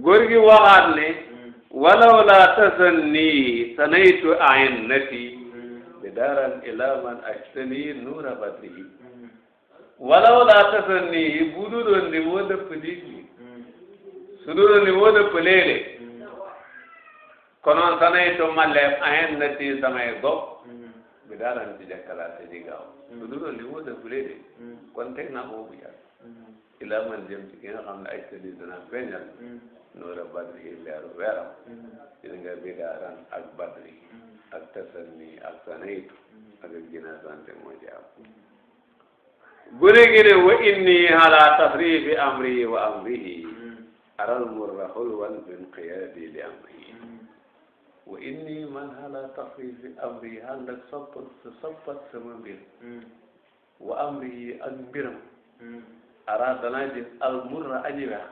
góor gi waxaat ne walaw laa tasan nii sanaytu ayin nati waktidaaran ila man ajtani nuura badrihi walaw laa tasannihi bu du ni moo dëpp nit ñi su du ni moo dëpp léeg-léeg konoon sanay to ma na ti samay gopp bi ci jàkkalaate ji gaaw su ni moo dëpp léeg-léeg kon teg naa ko bu yàgg ila man jëm ci ki nga xam ne ajtani dana feeñal nuura badrihi leeru weeram ci nga bi daaran ak ak tasanni ak sanaytu ak ak gën a sante moo ci am gune gi ne wa inni ala tasrifi amri wa amrihi aral murra xulwan min qiyaadi li amrihi wa inni man ala tasrifi amri ànd ak soppat sa soppat sama mbir wa amrihi ak mbiram ara danaa gis al murra aji weex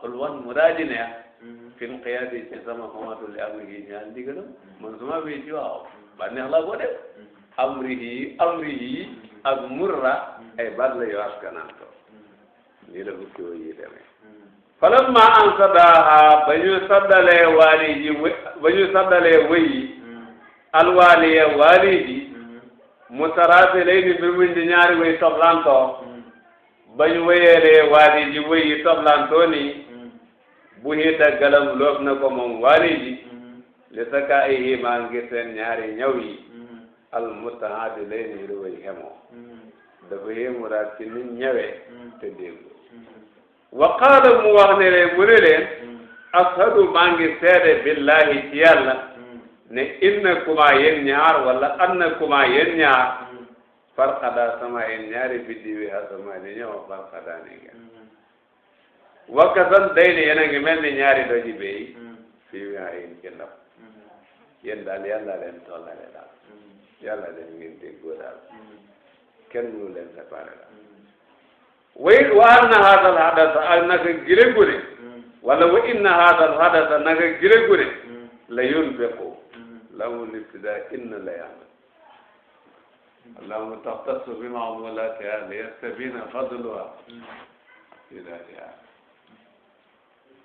xulwan mu daa ji neex fin qiyaadi ci sama xamatu li amrihi ñaan ndigalam man suma wéy ci waaw ba neex la ko def amrihi amrihi ak murra ay eh, baat la yoo askanaan ko nii la fukki woo yi demee falamma an sadaha ba ñu saddalee waali ji ba ñu saddalee wéyi alwaaliya waali ji mutaraate lay ni mbir muñ di ñaari wéy toblantoo ba ñu wéyeelee waali ji wéyi toblantoo nii bu hiita galam loof na ko moom waali ji mm-hmm. li saka ihi maa ngi seen ñaari ñaw yi mm-hmm. al mutahaadi lay ni lu way hemoo mm-hmm. dafa yéemu daal ci ni ñawee te déglu wa mu wax ne leen mu ne leen maa ngi seede billahi ci yàlla ne innakuma yéen ñaar wala annakuma yéen ñaar farqada sama yéen ñaari biddi wi asamaa ni ñëw farqada ni ngeen wakkasan day ni yéen ngi mel ni ñaari doji béy fii mu ay ci ndab yéen daal yàlla leen tollale daal yàlla leen ngeen daal kenn mënu leen séparé daal wayit wa anna haadal hadasa ak naka gile gune wala wa inna haadal hadasa naka gile gune la yun bequ lamu libtida inna la yàlla allahumma taxtasu bi maamulatiha li yastabina fadluha ila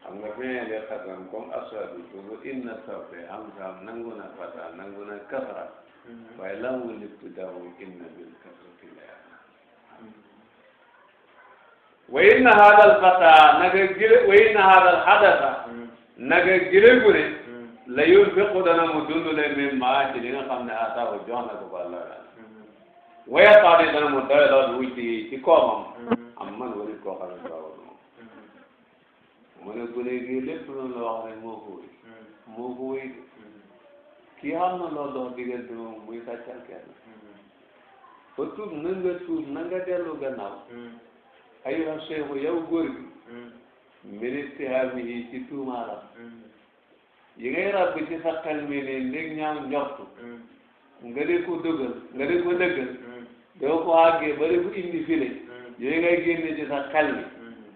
xam nga fin de xatam comme aswabi boobu inna sawte hamsam nangu na fata nangu na kasra mm-hmm. waaye lan wu liptu dawu inna bil kasrati la yàlla wa inna hadal fata naga gile wa inna hadal hadasa mm-hmm. naga gile gu ne mm-hmm. la yunfiqu dana mu dundule min maa ci li nga xam ne ataahu jox na ko wàlla daal waya taani dana mu doy lool wuti ci koomam am man wari koo xam ne mu ne gune gi lépp lu la wax rek moo ko wéy mm-hmm. moo ko wéy mm-hmm. kii xam na loo dox diggante moom muy sàccal kenn mm-hmm. ba tuub na nga tuub na nga dellu gannaaw ayuha cheikhu yow góor gi min ittihaamihi ci tuumaalam yi ngay ràbb ci sa xel mi ne ndég ñaaw njortu nga di ko dëggal nga di ko dëggal doo ko àggee ba di ko indi file yooyu ngay génne ci sa xel mi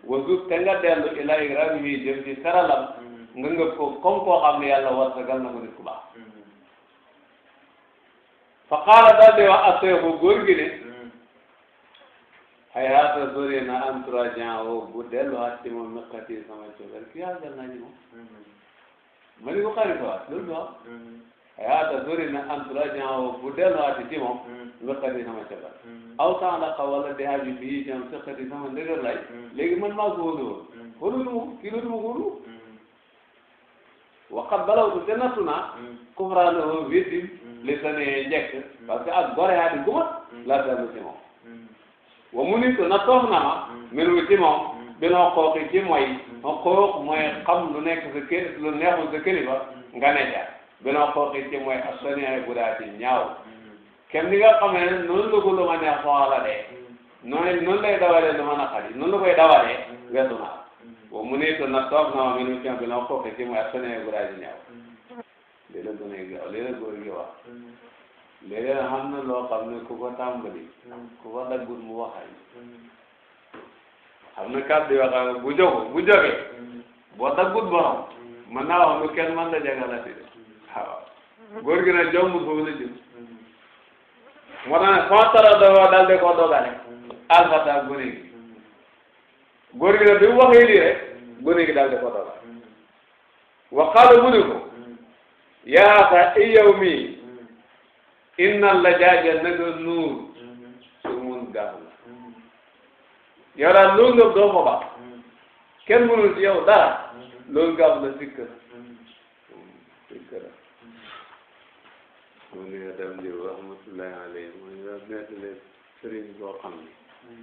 wasut te nga dellu ilaa ikraamihi jëm ci saralam mm-hmm. nga ngëb ko comme koo xam ne yàlla warsagal na ko ku baax mm-hmm. fa qaala daal di wax aseexu góor gi ne mm-hmm. ay haata sori na am trois ans bu delluwaat ci moom miqati sama coogal kii yàlla jël naa ji moom ma ni ko xarit waat loolu du wax haata sori na entourage bu delluwaati ci moom. wëkkati sama cabar. aw temps la xaw wala deha bi fii ci am sëkkati sama ndëgër lay. léegi man maa ko wóolu woon. wóolu lu mu kii lu mu wóolu. waqat balaw tu te nattu naa. kufraana woo wéddim. li sa nee njëkk. parce que ak gore yaa di guma. laa dellu ci moom. wa mu nit na toog na ma. mbir mi ci moom. binoo xooxi ci mooy. ma xoox mooy xam lu nekk sa kër lu neexul sa kër ba nga ne jaar. binoo xooxi ci mooy assonia bu daa ci ñaaw kenn ni nga xamee ne noonu la ko lu ma neex xoola de mm-hmm. noonu noonu lay dawalee lu ma naqari noonu la koy dawalee mm-hmm. weesu naa mu ne na toog na ma mel ni que binoo bu daa ci ñaaw lii la gën a gaaw lii la góor gi wax mm-hmm. léegi xam na loo ku ko tàmbali ku ko daggul mu waxal xam na kàddu yoo xam ne bu jógee bu jógee boo daggul borom mën naa wax lu kenn mën la de waaw góor gi nag jomb foofu la jëm moo tara doo ko dogale alfata gone gi góor gi nag bi mu waxee lii gi dal ko dogale waqaala mu ne ko yaasa i yow mii inna la jaaja naka nuur su mun gàll yow daal loolu nga doo ko baax kenn mënul ci yow dara loolu gàll sikkara mu ne Adam Diop rahmatullahi alayhi mu ne daal nettali sëriñ boo xam ne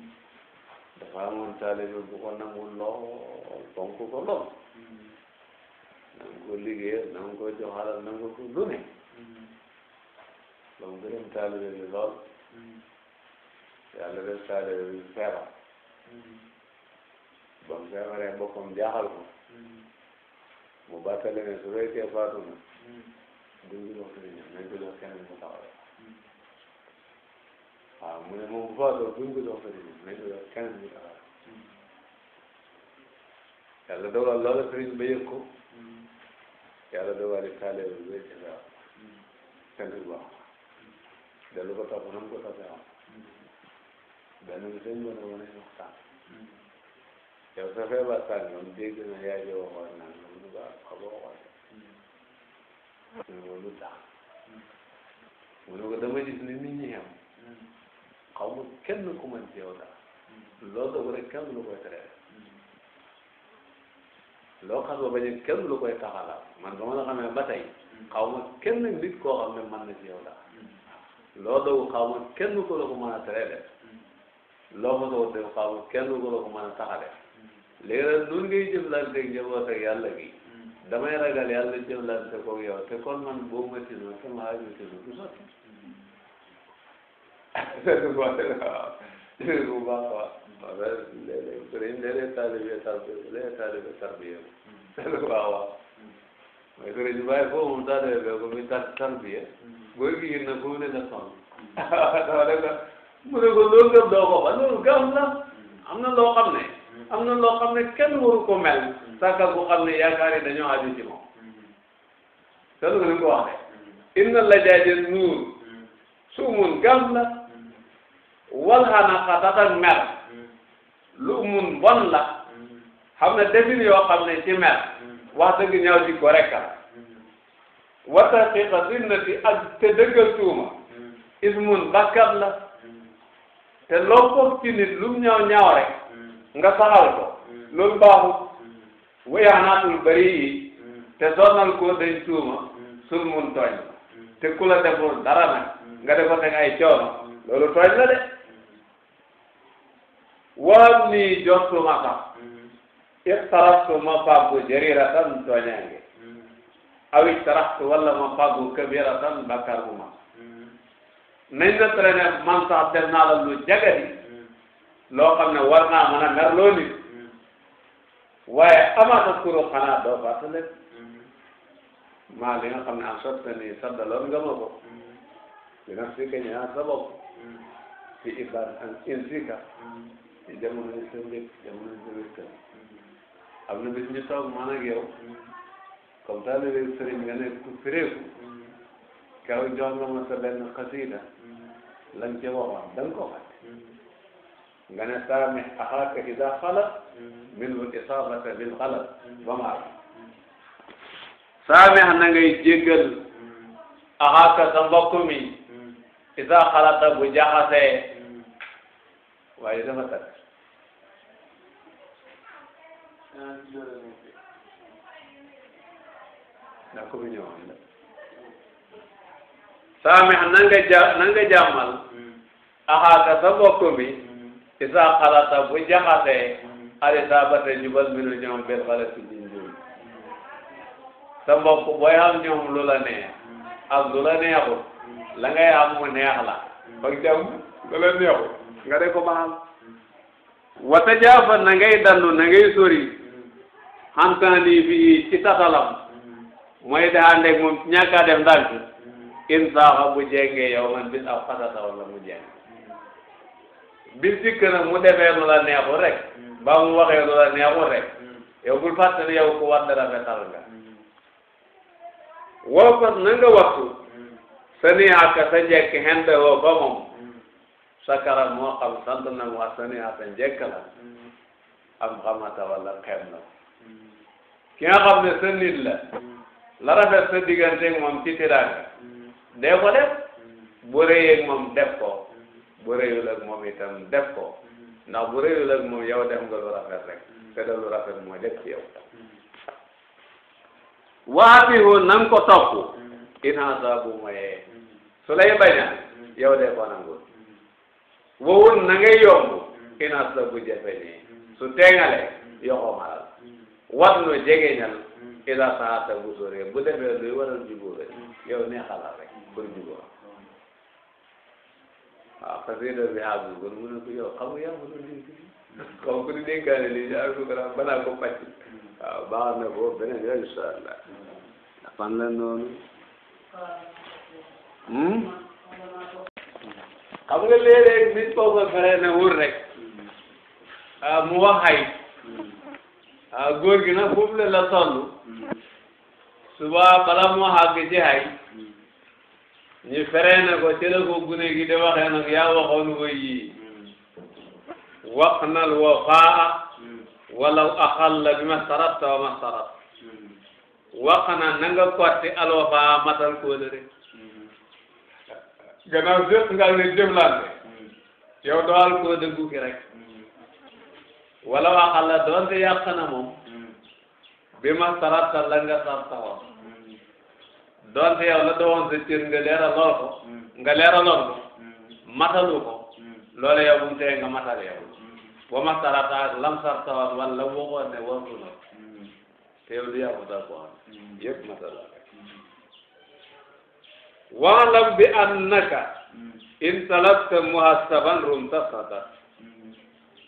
dafa amoon taalibe bu ko nangu lool fonk ko lool nangu ko liggéeyal nangu ko jox nangu ko ne ba mu gërëm taalibe bi lool yàlla def taalibe bi feebar ba mu feebaree boppam jaaxal ko mu bàttale ne su fekkee faatu na dundu waxtu bi ñëw nañ ko jox keneen mu taxaw hmm. mu ne moom bu faatoo dundu waxtu bi ñëw nañ ko jox keneen mu taxaw hmm. yàlla dogal loola sëriñ ba yëg ko hmm. yàlla dogal taalee ba yëg ko waaw kenn du baax dellu ko na mu ko toppee am benn bi sëñ ba ne ne waxtaan yow sa feebar tàngoon dégg na yaa ji waxoon naa baax xamoo ko mu ne lu tax mu ne ko dama gis ni nit ñi xam kenn ku mën ci yow dara loo doon rek kenn lu koy tere loo ba bañ kenn lu koy taxalal man ba ma la xamee ba tey xaw kenn nit koo xam ne mën na ci yow loo doon xaw ma kenn ko ko mën a tere def loo ko doon def xaw ma kenn ko la ko mën a taxa def léegi nag noonu ngay jëflante ak njaboot ak yàlla gi damay ragal yàlla jëflante koog yow te kon man boo ma tinoo sama aju tinoo du sotti bu baax a baax léeg-léeg léeg-léeg taalibe tarbiya léeg-léeg taalibe tarbiya bu baax a baax mooy sëriñ bàyyi foofu moom taalibe bee ko muy tarbiya góor gi yéen na foofu ne na sonn dama ne ko mu ne ko loolu gëm doo ko ba loolu gëm la am na loo xam ne am na loo xam ne kenn waru ko mel saka bu xam ne yaakaar yi dañoo aju ci moom selu ko ni ko waxee mm-hmm. inna lajaaje nuur suumun gam la mm-hmm. wal xana xatatan mer mm-hmm. lu mun bon la xam ne defin yoo xam ne ci mer wax dëgg ñaaw ci ko rek la wata xiqa sinnati ak te dëggal tuuma ismun bakkat la te loo foog lu mu ñaaw ñaaw rek nga saxal ko loolu baaxut wayaanaatul bari yi hmm. te sonnal koo dañ tuuma hmm. sul mun tooñ hmm. te ku la deful dara nag nga defa teg ay coono la de waam nii jontuma sax iqtaraftu ma fàggu jariratan tooñaange aw iqtaraftu walla ma fàggu kabiratan bakkar bu ma nañ la traîner man sax def naa la lu jagadi loo xam ne war naa mën a waaye amaana kuru xanaa doo fàttali mm-hmm. maa li nga xam ne en sorte ni saddaloon nga ma ko mm-hmm. dina si ka ñaan sa bopp mm-hmm. fi iban an insika ci jamono yi sa njëkk jamono yi sa wékk am na bis ñu toog man ak yow comme taa léegi sëriñ nga ne ku fireeku kaw jox nga ma sa benn xasida lañ ca ko nga ne saamih axaaka idaa xalat mm-hmm. minhu isaabata bil xalat mm-hmm. ba ma àgg saamih na ngay jéggal mm-hmm. axaaka sa mbokk mi idaa xalata bu jaxasee waaye dama tàkk ndax ku mu ñëwoon la saamih na nga ja na nga jàmmal axaaka sa mbokk mi isa xalaata bu jaxasee alisaabata jubal minu ñoom bil xalati ci njuum sa mbokk booy am ñoom lu la neex ak lu la neexul la ngay mu neex la nga de ko ba am wata jaafa na ngay dandu na sori xantaani bi ci tatalam mooy de ànd ak moom ñàkk a def ndànk insaaxa bu jengee yow man bis ab xasata wala mu bis dikk nag mu defee lu la neexul rek mm. ba mu waxee lu la neexul rek mm. yow bul fàtte ne yow fetal nga mm. woo fas na nga waxtu sa ni àkk sa njekk xente woo ba moom sa karam moo xam sant na mu sa ni àkk sa njekk la am xamata wala xeeb na ko ki nga xam ne sa nit la la rafet sa diggante moom ci tiraanga dee ko def bu rëyeeg moom def ko bu rëyul ak moom itam def ko mm-hmm. ndax bu rëyul ak moom yow def nga lu rafet rek te da lu rafet mooy def ci yow mm-hmm. waati wu na nga ko topp mm-hmm. inaa saa bu moyee su lay bañaan yow de ko nangul wowun na ngay yomb inaa saa bu jafeñee su teengale yoxoo maral wat nu jegeñal ila saa ta bu soree bu defee luy waral jubóo rek yow neexalal rek pour jubóo waaw xasida bi àggul kon mu ne ko yow xamu yaa ma doon lii xaw ku di dénkaane lii ci alxuraan balaa ko pàcc waaw na ko beneen yoon incha allah fan la noonu xam nga léeg-léeg nit koo ko feree ne wóor rek ah mu wax ay ah góor gi nag foofu la la toll suba bala mu xàgg ci ay ñu feree na ko ci la ko gune gi yaa waxoon way yii wax nal wafaa walaw axalla bi ma sarata wa ma wax na na nga kotti al wafaa matal kóolëre gannaaw jëf nga ne jëflante yow doxal koo dëggu ki rek walaw axalla doonte yàq na moom bi ma sarata la nga doonte yow la doon sa cër nga leeraloon ko mm. nga leeraloon ko mm. matalu ko mm. loole yow bu mu tee nga matal yow wa ma sarata lam sartawan wala la waxoon ne wartu te yow li yàqu da ko xam yëpp matal rek waalam bi annaka in talabta muhasaban rumta sata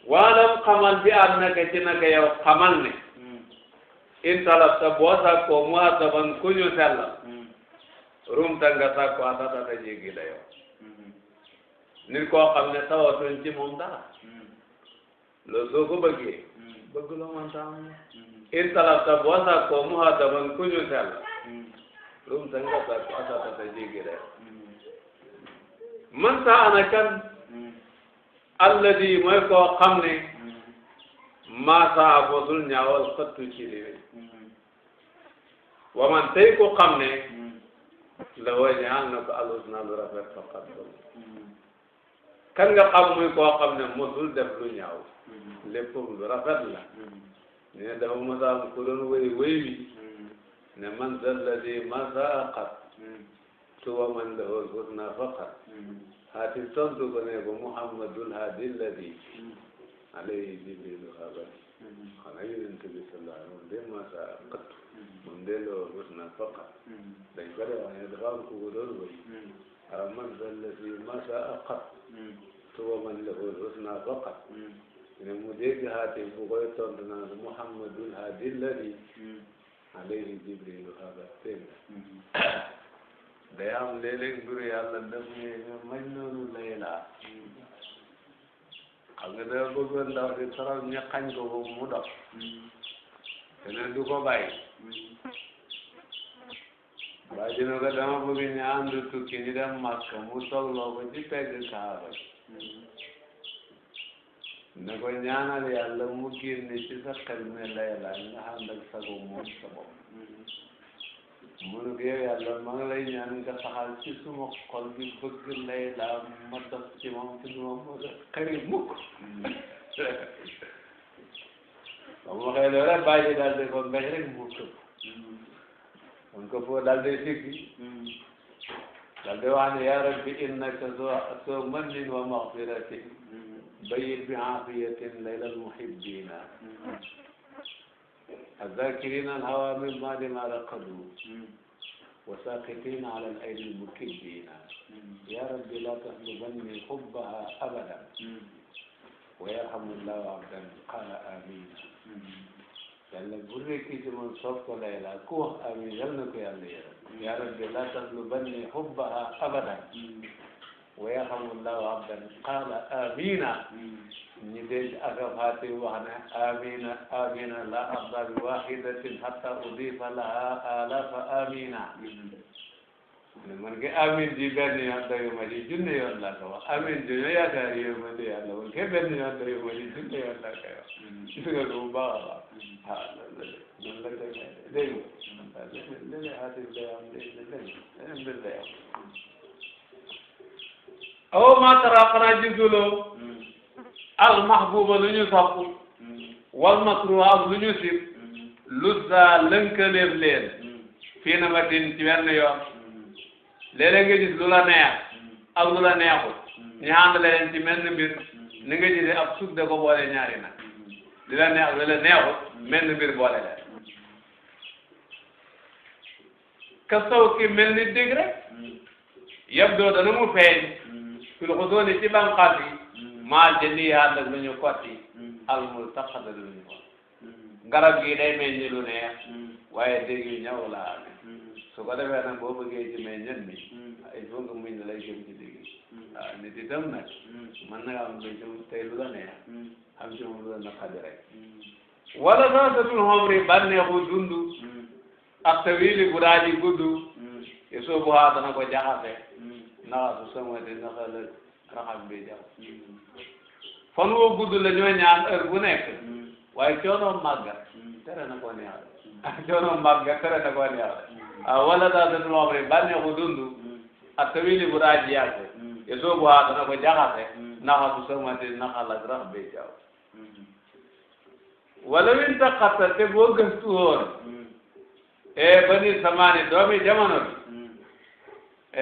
waalam xamal bi annaka ci naka yow xamal ne in talabta boo sakkoo muhasaban ku ñu sellal ruum ta nga sàkku asaka ta jéggi la yow nit koo xam ne tawatuñ ci moom dara loolu soo ko bëggee bëgg loo ta am in talabta boo sàkkoo ku ñu sell ruum ta nga sàkku ta jéggi man ta ana kan alladi mooy koo xam ne maa saa bosul ñaawal xëttu ci li wa man tey ko xam ne la waa ñaan ko alus naa lu rafet faqat kan nga xam muy koo xam ne mosul def lu ñaaw léppam lu rafet la ne dafa masaam ku doon wéy wéy wi ne man zalladi masaqat tuwa man lahul husna faqat haati tontu ko ne ko muhammadul hadi alladi alayhi jibrilu habati xanaa yonent bi sallallahu alayhi wa sallam moom de masa xattu moom na faqa dañ ko dee wax ne dafa am ku ko doon wëy ara man dalla fi man lahu rus na faqa ne mu dégg haati bu koy tontu naan muhammadul hadi ladi alayhi jibrilu hada teel day am léeg-léeg mbiru yàlla daf ne mañ noonu lay xam nga dama bëggoon ndaw di torop ñu xañ ko ko mu dox keneen du ko bàyyi waa ji ne ko dama bëgg ñu ànd tukki ñu dem Makka mu toogloo ko ci pegg Kaaba ne ko ñaanal yàlla mu génne ci sa xel ne Layla nga ànd ak sago sa bopp mu ne ko yow yàlla maa ngi lay ñaan nga saxal ci suma xol bi bëgg lay la ma def ci moom ci suma xarit mukk ba mu waxee loolu rek bàyyi daal di ko mbéy rek mu këpp mu ko foo daal di siggi daal di wax ne yaa rabbi innaka soo mannin wa maxfiratin bayyin bi aafiyatin laylal muhibbina الذاكرين الهوى من بعد ما رقدوا وساقطين على الأيدي المكبين يا رب لا تطلبني حبها أبدا ويرحم الله عبدا قال آمين yàlla bu rekki ci man sopp ko lay laa ku wax amiin yal na ko yàlla yërëm ya rabbi la tatlubanni hubbaha abadan wa yarhamullahu abdan qaala amina ñi dégg akam haati wax ne amina amina la arda bi wahidatin hatta udifa laha alafa amina man ke amin ji benn yoon doyuma ji junne yoon la ko wax amin ji ñoo yaakaar yow ma di yàlla man ke benn yoon doyuma ji junne yoon la ko wax gis nga ko bu baax a baax ah loolu la dégg nga dégg nga léeg-léeg haati bi day am léeg-léeg leneen mbir day am aw ma tara xanaa gisuloo hmm. al mahbuba lu ñu sopp hmm. wal masruha lu ñu sib hmm. luzza lënkaleef leen fii na ma din ci wenn yoon léeg-léeg nga gis lu la neex ak lu la neexul ñu ànd leen ci menn mbir ni nga gisee ko boole ñaari nag li la neex li la neexul boole leen ka saw ki mel ni dig rek yab doo mu feeñ fil xuduuni ci banqaas yi mm. maa jëli ànd ak lu ñu kotti mm. al multaqada lu ñu xool mm. garab gi day meññ lu neex waaye dégg yu ñaw la amee su ko defee nag boo bëggee ci meññan mi il faut nga muñ la lay jëm ci dégg waaw nit itam nag mën na am lu jëm tey lu la neex am ci moom lu la naqadi rek wala naatatul xomri bànneexu dund ak tawili bu daa ji gudd yesoo bu haa dana ko jaxase naxa su sama di naxa la raxas bi jàpp fan woo gudd la ñoo ñaan heure bu nekk waaye coono màgga tere na ko neex coono màgga tere na ko neex wala daa da duma wax bànneexu dund ak tawili bu daa jiyaate e soo bu haa dana ko jaxase naxa su sama di naxa la rax bi jàpp wala win taqata te boo gëstu woon e ba ni samaani doomi jamono bi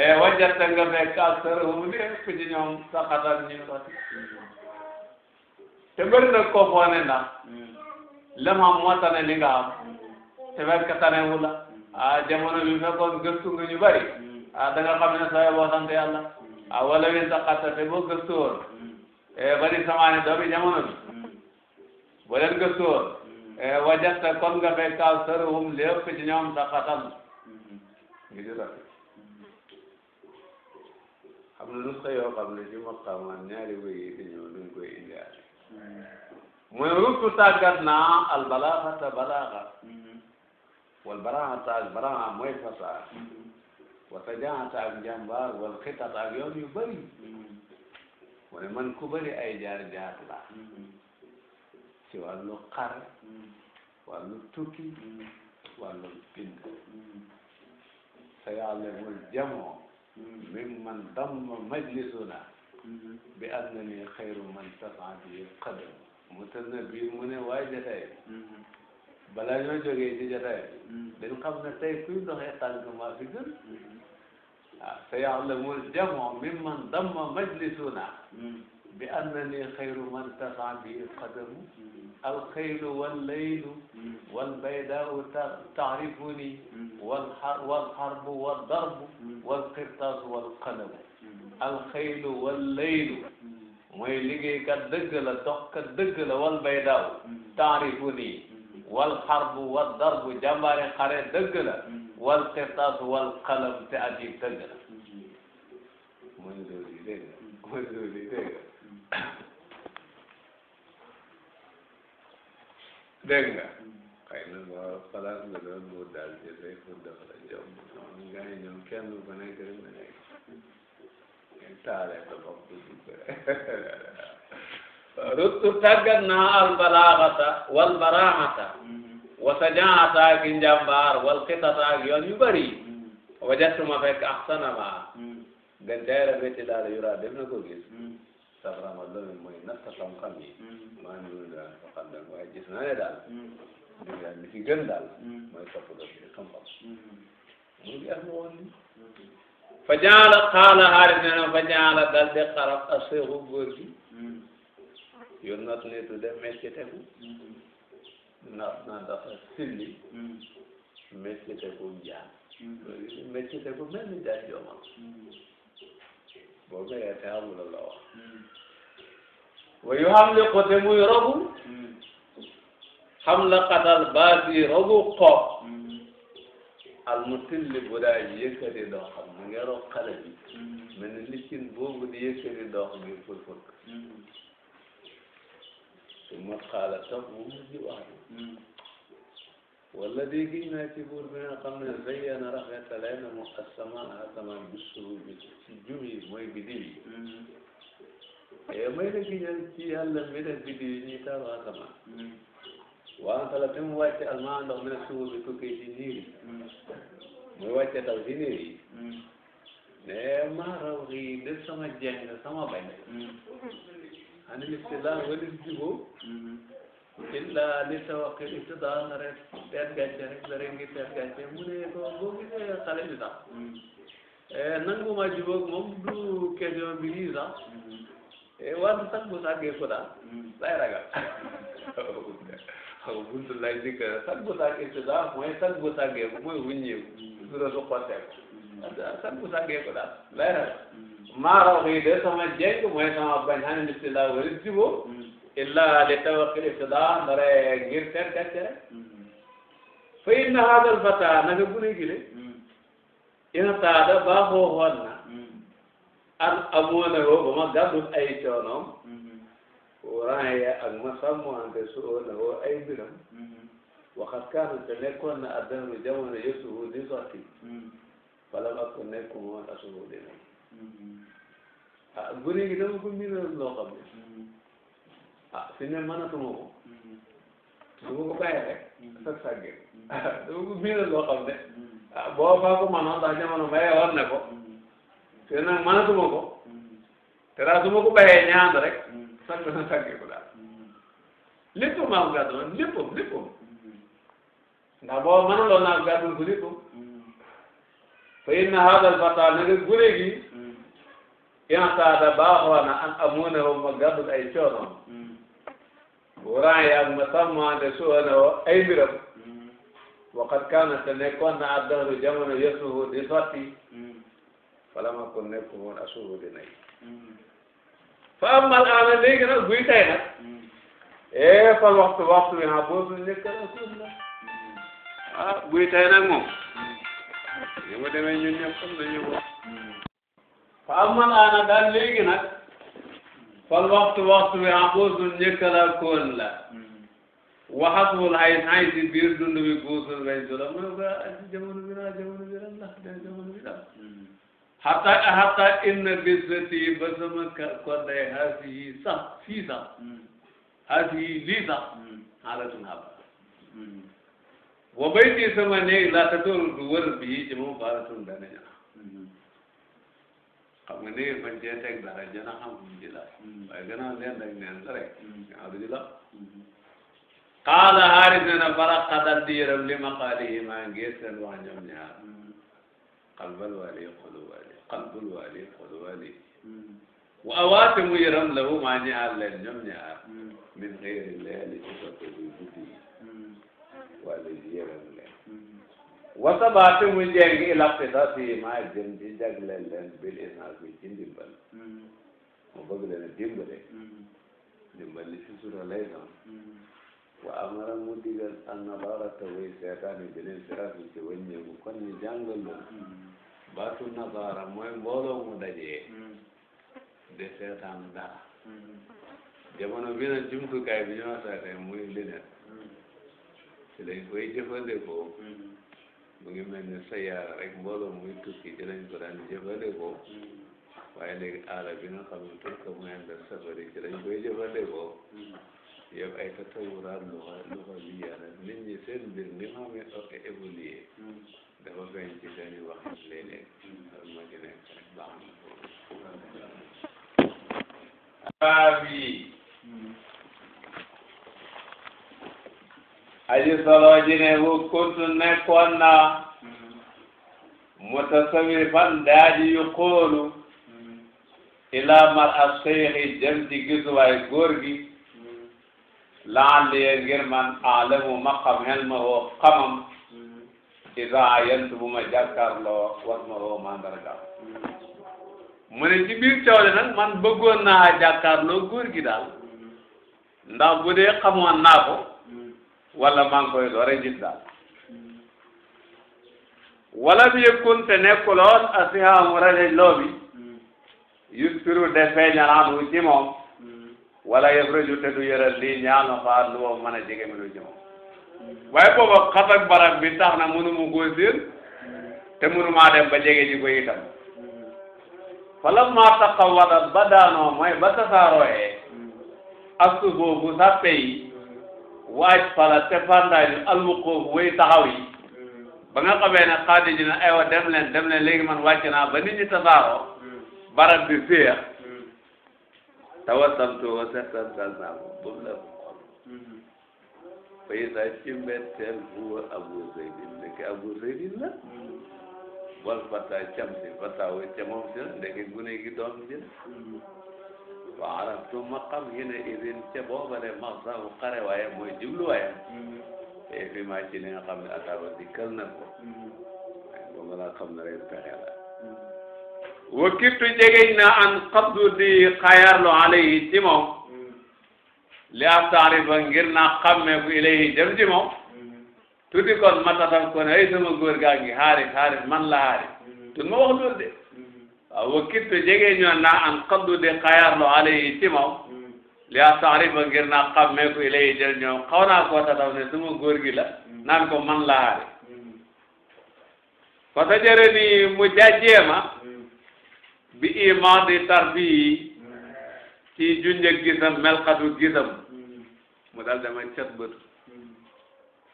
e wajata nga fekk aksarahum li ëpp ci ñoom saxatan ñu soti te bëri na lem am tane li nga te fekk tanewu la ah jamono bi fekkoon gëstu nga ñu bari ah da nga ne sooy boo sant yàlla ah wala wi saxata te boo gëstu woon e bari samaane doomi jamono bi boo leen gëstu woon kon nga fekk aksarahum li ëpp ci ñoom saxatan ngi jëlati am na nusxa yoo xam ne ci maqaamaan ñaari wéy yi di ñëw duñ koy indiwaat mm-hmm. naa al balaaxata balaaxa mm-hmm. wal baraaxata ak baraaxa mooy fasaa mm-hmm. wa tajaata ak wal xitata ak yoon yu bëri mu ne man ku ay jaar jaar la ci wàllu xar wàllu tukki wàllu bind sa yàlla mul jamoo mimman damma majlisuna mhm. bi annani xayru man tasaa bihi qadam mu tën na biir mu ne waaye jataay mhm. balaa ñoo jógee ci jataay mhm. dañ xam ne tey kuy doxee tànk maa fi gën ah sa yaxlamul jamu mimman damma majlisuna bi annani xayru man tafa bi qadamu alxaylu wallaylu walbaydaau taarifuni walxarbu waldarbu walqirtaasu walqalamu alxaylu wallaylu mooy liggéeykat dëgg la doxkat dëgg la walbaydaaw taarifuni walxarbu waldarbu jàmbaari xare dëgg la walqirtaasu walqalam te ajib dëgg la mooy loolu dégg nga mooy loolu dégg nga xëy na boo xalaat nga doon mu daal di rek pour dafa la jom moom gars yi ñoom kenn ku nekk rek nga nekk ngeen taale sa bopp du dugg ruttu tàggat naa albalaxata wal baraxata mm-hmm. wasajaata ak njàmbaar wal xitata ak yoon yu bëri mm-hmm. wajatuma fekk axsanama mm-hmm. gàncax la métti daal yu raa def na ko gis sabrama loolu mooy natt xam-xam yi hmm. maa ngi leen daal fa xam daal waaye gis naa ne daal hmm. mbir daal li fi gën daal hmm. mooy topp loolu di xam-xam mu ngi ak woon ni fa jaala xaala xaaris nee na fa jaala dal de xarab a seexu góor gi yor not ne tudde métier tegu naat naa dafa silli métier tegu jaan métier tegu mel ni jaan joomal o ko yeggee amul la wax. Hmm. wa yu xam ne côté muy robu. xam la xatal baasi robu xoob. al mu tilli bu daa yëkkati dox mu ngi rob xale bi. Hmm. mel ni liccin boobu di yëkkati dox ngir fël fël. Hmm. su mot xaala topp bu mujj wax. wala di giñ naa ci buur bi nga xam ne zayyana rafetale na mu asamaan asamaan bi suru bi ci jumi mooy biddiw yi may la giñal ci yàlla mi def biddiw yi ñuy taaru asamaan waanta la bi mu wàcce almaa ndox mi ne suur bi tukkee ci niir yi muy wàcce taw ci niir yi ne maa raw xii de sama jeng sama bañ ani listilaan wala juboo illa li tawakkili te daan rek teet gàncax rek dara ngi teet gàncax mu ne ko boo gisee xale bi sax nanguma jubóog moom du question bi lii sax wante sax bu sàggee ko daal lay ragal xaw buntu lay dikk sax bu sàggee ko daal mooy sax bu sàggee ko mooy wuññeeku su doon su xottee ko sax bu sàggee ko daal lay ragal maa raw xii de sama jeng mooy sama bañ xam ne nit laa war a jubóo illaa li tawakkil ibtidaa ndare ngir seet gàcce rek fa inna haadal fataa naka gune gi le irtaada baa xooxoon na an amoon a woo ba ma gàddul ay coonoom waraan ya ak ma sàmmoonte su oon woo ay mbiram waxat kaanu te nekkoon na addahru jamono yësuhu di sotti wala ma ko nekku moon asuhu di nekk ah gune gi dama ko miinoon loo xam ne ah fi ne mënatuma ko su ma ko bàyyi rek sag sàgge dama ko miinal loo xam ne ah boo faa ko mënoon ndax jamono maye war na ko fi nag mënatuma ko te daal su ma ko bàyyee ñaan rek sag na sàgge ko daal léppam maa ko gàddu woon léppam léppam ndax boo mënaloon naa ko gàddul ko léppam fa inna hada alfata nanga gune gi in saada baaxoon na an amuuna ma gàddul ay coonoom wuraan yaa ma sàmmante suwana wa ay ka waqat kaana te nekkoon na addahru jamono yasuhu di sotti ma ko nekku woon asuhu di nay fa amal ana léegi nag buy tey nag ee fal waxtu waxtu wi ha boobu nekk na kuum na ah buy tey nag moom ni mu demee ñun ñëpp ana daal léegi nag fal waxtu waxtu bi ambuusun njëkkal ak kóon la waxatul ay ay si biir dund bi buusul bañ su la mooy ko ah, ay si jamono la jamono bi la la jamono bi la hatta hatta inna bisbati ba sama kodday haas yi sax fii sax haas yi lii sax xaalatun haba wa bayti sama néeg la ta tool du wër bii ci moom xaalatun danaña xam nga ni bañ cee teg dara jën a xam ji la mm-hmm. waaye gannaaw leen rek neen la rek ñaaw la xaala xaaris ne na fara xadal di yërëm li ma xaali yi maa ngir seen wax ñoom ñaar xalbal wali xolu wali xalbul wali xolu wali wa awaate mu yërëm la wu maa ñaar leen ñoom ñaar mm-hmm. min xëyri leeli ci soppe bi guddi yi mm-hmm. wali yërëm wasa ba te mu jeng ila qisas yi maa jëm ci jagleel leen bil isnaas bi ci ndimbal mm-hmm. mu bëgg leen a dimbale mm-hmm. ndimbal li si sura lay doon mm-hmm. wa amara mu digal an nabara te way seetaan yi beneen siraat yi ci wàññeeku kon ñu jàngal leen baatu nabara mooy mbooloo mu dajee de seetaan dara jamono bi nag jumtukaay bi ñoo seetee muy linet ci lañ koy jëfandikoo mu ngi mel ni rek mbooloo mu tukki dinañ ko daan jëfandikoo waaye léegi aala bi nga xamante ne mooy ànd ak safari ci lañ koy jëfandikoo yëpp ay tatawuraat lu xa lu xa liyaa la nit ñi seen mbir ni mu amee ok évolué dafa feeñ ci seen i wax léeg-léeg loolu moo ci nekk rek baax na aji solo ji ne bu kuntu nekkoon naa mutasawifan daaji yu ila mar a seyxi jëm ci gisuwaay góor gi laalliye ngir man alamu ma xam xel ma isa yent bu ma jàkkaarloo was ma woo mandargaam mu ne ci biir cawle nag man bëggoon naa jàkkaarloo góor gi daal ndax bu dee xamoon naa wala maa ngi koy door wala bi yëkkun te nekkuloon asihaamu rajaj loo bi yustiru de feeñalaan wu ci wala yafraju te du yëral lii ñaano xaar lu wow mën a jege mi lu ci moom waaye booba xat ak barab bi tax na mënu mu ba jege ji ko itam fala maa taxawadat ba daanoo mooy ba tasaarooyee ak su boobu sàppe yi waaj pala te pandaay bi alwuquuf way taxaw yi ba nga xamee ne xaadi ji ne aywa dem leen dem léegi man wàcc naa ba nit ñi tasaaroo barab bi féex tawasamtu wa settantal naa ko ba mu la xool fayida ci mbetteel bu wa abu zeydin ndeke abu zeydin la wal fata cam si fata wa camam si la ndeke ji fa araftu ma xam hina idin ca boobale maqsabu xare waaye mooy jubluwaayam te fi ma ci li nga xam ne na ko waaye boobu laa xam ne rek pexe la wakittu jegeñ na an xabdu di xayarlu alayhi ci moom li ab taarifa ngir naa xammee ku ilayhi jëm ci moom tuuti kon ma tatam ko ne ay sama góor gaa ngi xaaris xaaris man la xaaris tun ma wax loolu de wakittu jege ñoon naa an kaddu di xayaarlu alayhi ci moom li astaarifa ngir naa xàmmee ko ilay jël ñoom xaw naa koo tataw ne suma góor gi la naan ko man laa de fa tajare ni bi imaadi tarbiyi ci junjëg gisam melxatu gisam mu dal dama cat bët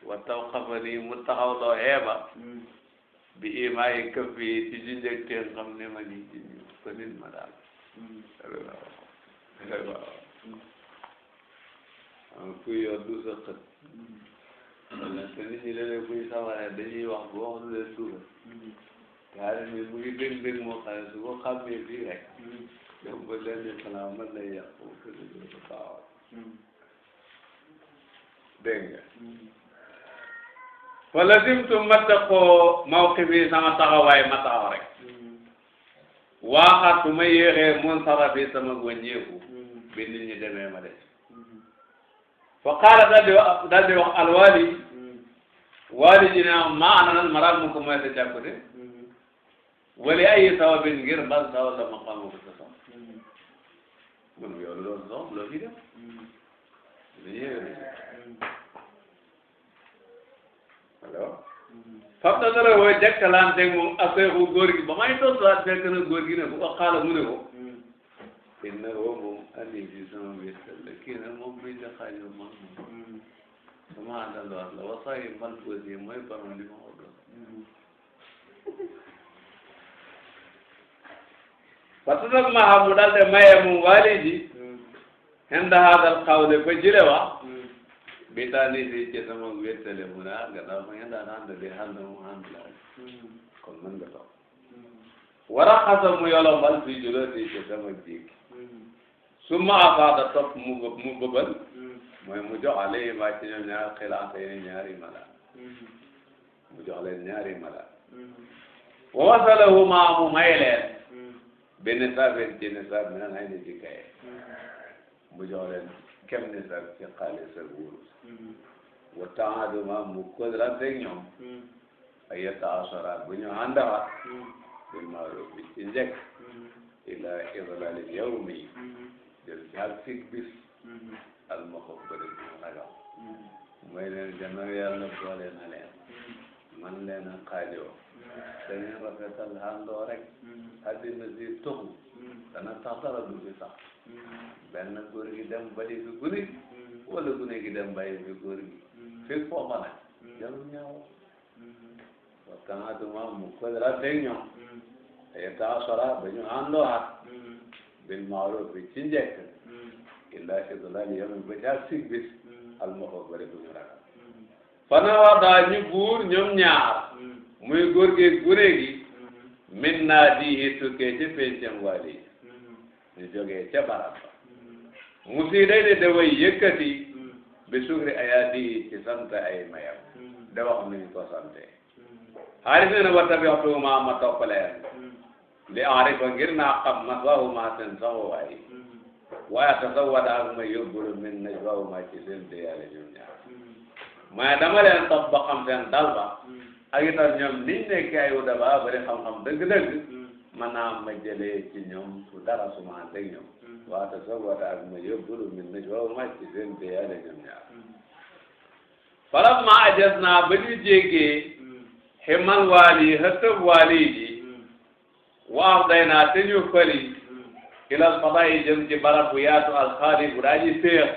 wa taw xafa ni mu taxaw bi imaay këf yi ci junjëg teen xam ne ma nii junj ko nit ma daal am mm. kuy yor du sa xët mm. wala te nit ñi léeg-léeg kuy sawaree dañuy wax bu wax lu leen dugal yaa ngi mu ngi dégg dégg moo xam ne su ko xàmmee fii rek mm. dem ba lenn xanaa mën na yàqu dégg nga fa lazimtu ma taqoo mawqifi sama taxawaay ma taxaw rek waaxaatu ma yéexee mun sarafi sama wàññeeku mm-hmm. bi nit ñi demee ma des mm-hmm. fa qaala daal di wax daal di wax mm-hmm. ji ne maa ana nan maraal mu ko moy wali ay sawabin ngir ban sawa la ma xamu ko sa sox mun yow loolu sox loo fi def fam na dara wooy jàkkalanteeg moom aseexu góor gi ba may tontuwaat fekk na góor gi ne ko waxaala mu ne ko inna woo moom ali bi sama wéttal la kii nag moom muy jaxaajoo man moom sama àndandowaat la wasaayi mal posé mooy baron li ma oddoon parce que ma xam mu daal de maye moom waali ji hen da haadal xawle ba jële bi taani si ci sama wéttale mu ne ah gannaaw ma ngeen daan ànd di ànd mu ànd la rek kon mën nga toog war a xasa mu yolombal si juróoti ci sama jiig su ma afaada topp mu mu bëbal mooy mu jox alayhi ma ci ñoom ñaar xilaata yi ñaari mala mu jox leen ñaari mala wa wasalahu maa mu may leen benn saabeen ci ne saab mi nan mu jox leen kem nisar ci xaalis ak wurus wa taaduma mu kodrante ak ñoom ay yetaasara bu ñu àndawaat bil maaruf bi ci njëkk ila idlali yawmi jël ci ak fig bis al maxobbari bu ñu ragal mooy leen gannaaw yàlla boole na leen man leen a xaajoo dañu rafetal àndoo rek àddina si tuxu Mm. dana tax bu du ci sax mm. benn góor gi dem bàyyi fi gune gi mm. wala gune gi dem bàyyi fi góor gi fekk foofa nag jarul ñaaw parce que nga tuma mu ko dara teg ñoom taa sora ba ñu àndoo ak bil maaruf bi ci njëkk illa idlal yami ba ca sig bis al ma ko bëri bu ñu ragal fana waa daa ñu buur ñoom ñaar muy góor gi gune gi min naa diihi tukkee ci pencam waali ñu mm-hmm. jógee ca barab ba mm-hmm. musiday de daway yëkkati mm-hmm. bi sukri ayaa diihi ci sant ay mayam da wax nuñ ko sante xaalis nee na wa tabiatuhuma ma topp leen li arifa ngir naa xam maswahuma seen saxuwaay waaye tasawada ak ma yóbbulu min najwahuma ci seen déyaale ñoom ñaar mais dama leen topp ba xam seen dal ba ak itam ñoom liñ nekk ay udaba bari xam-xam dëgg-dëgg mm. naa ma jëlee ci ñoom su ma ànd ak ñoom mm. waata soog wata ak ma yóbbu lu min ma ci seen béyaale ñoom ñaar mm. faram ma ajas naa ba ñu jéggee ximmal waali hëttëb waali ji waaw day naa te ñu fëri ilal fata yi jëm ci barab bu yaatu alxaali ji féex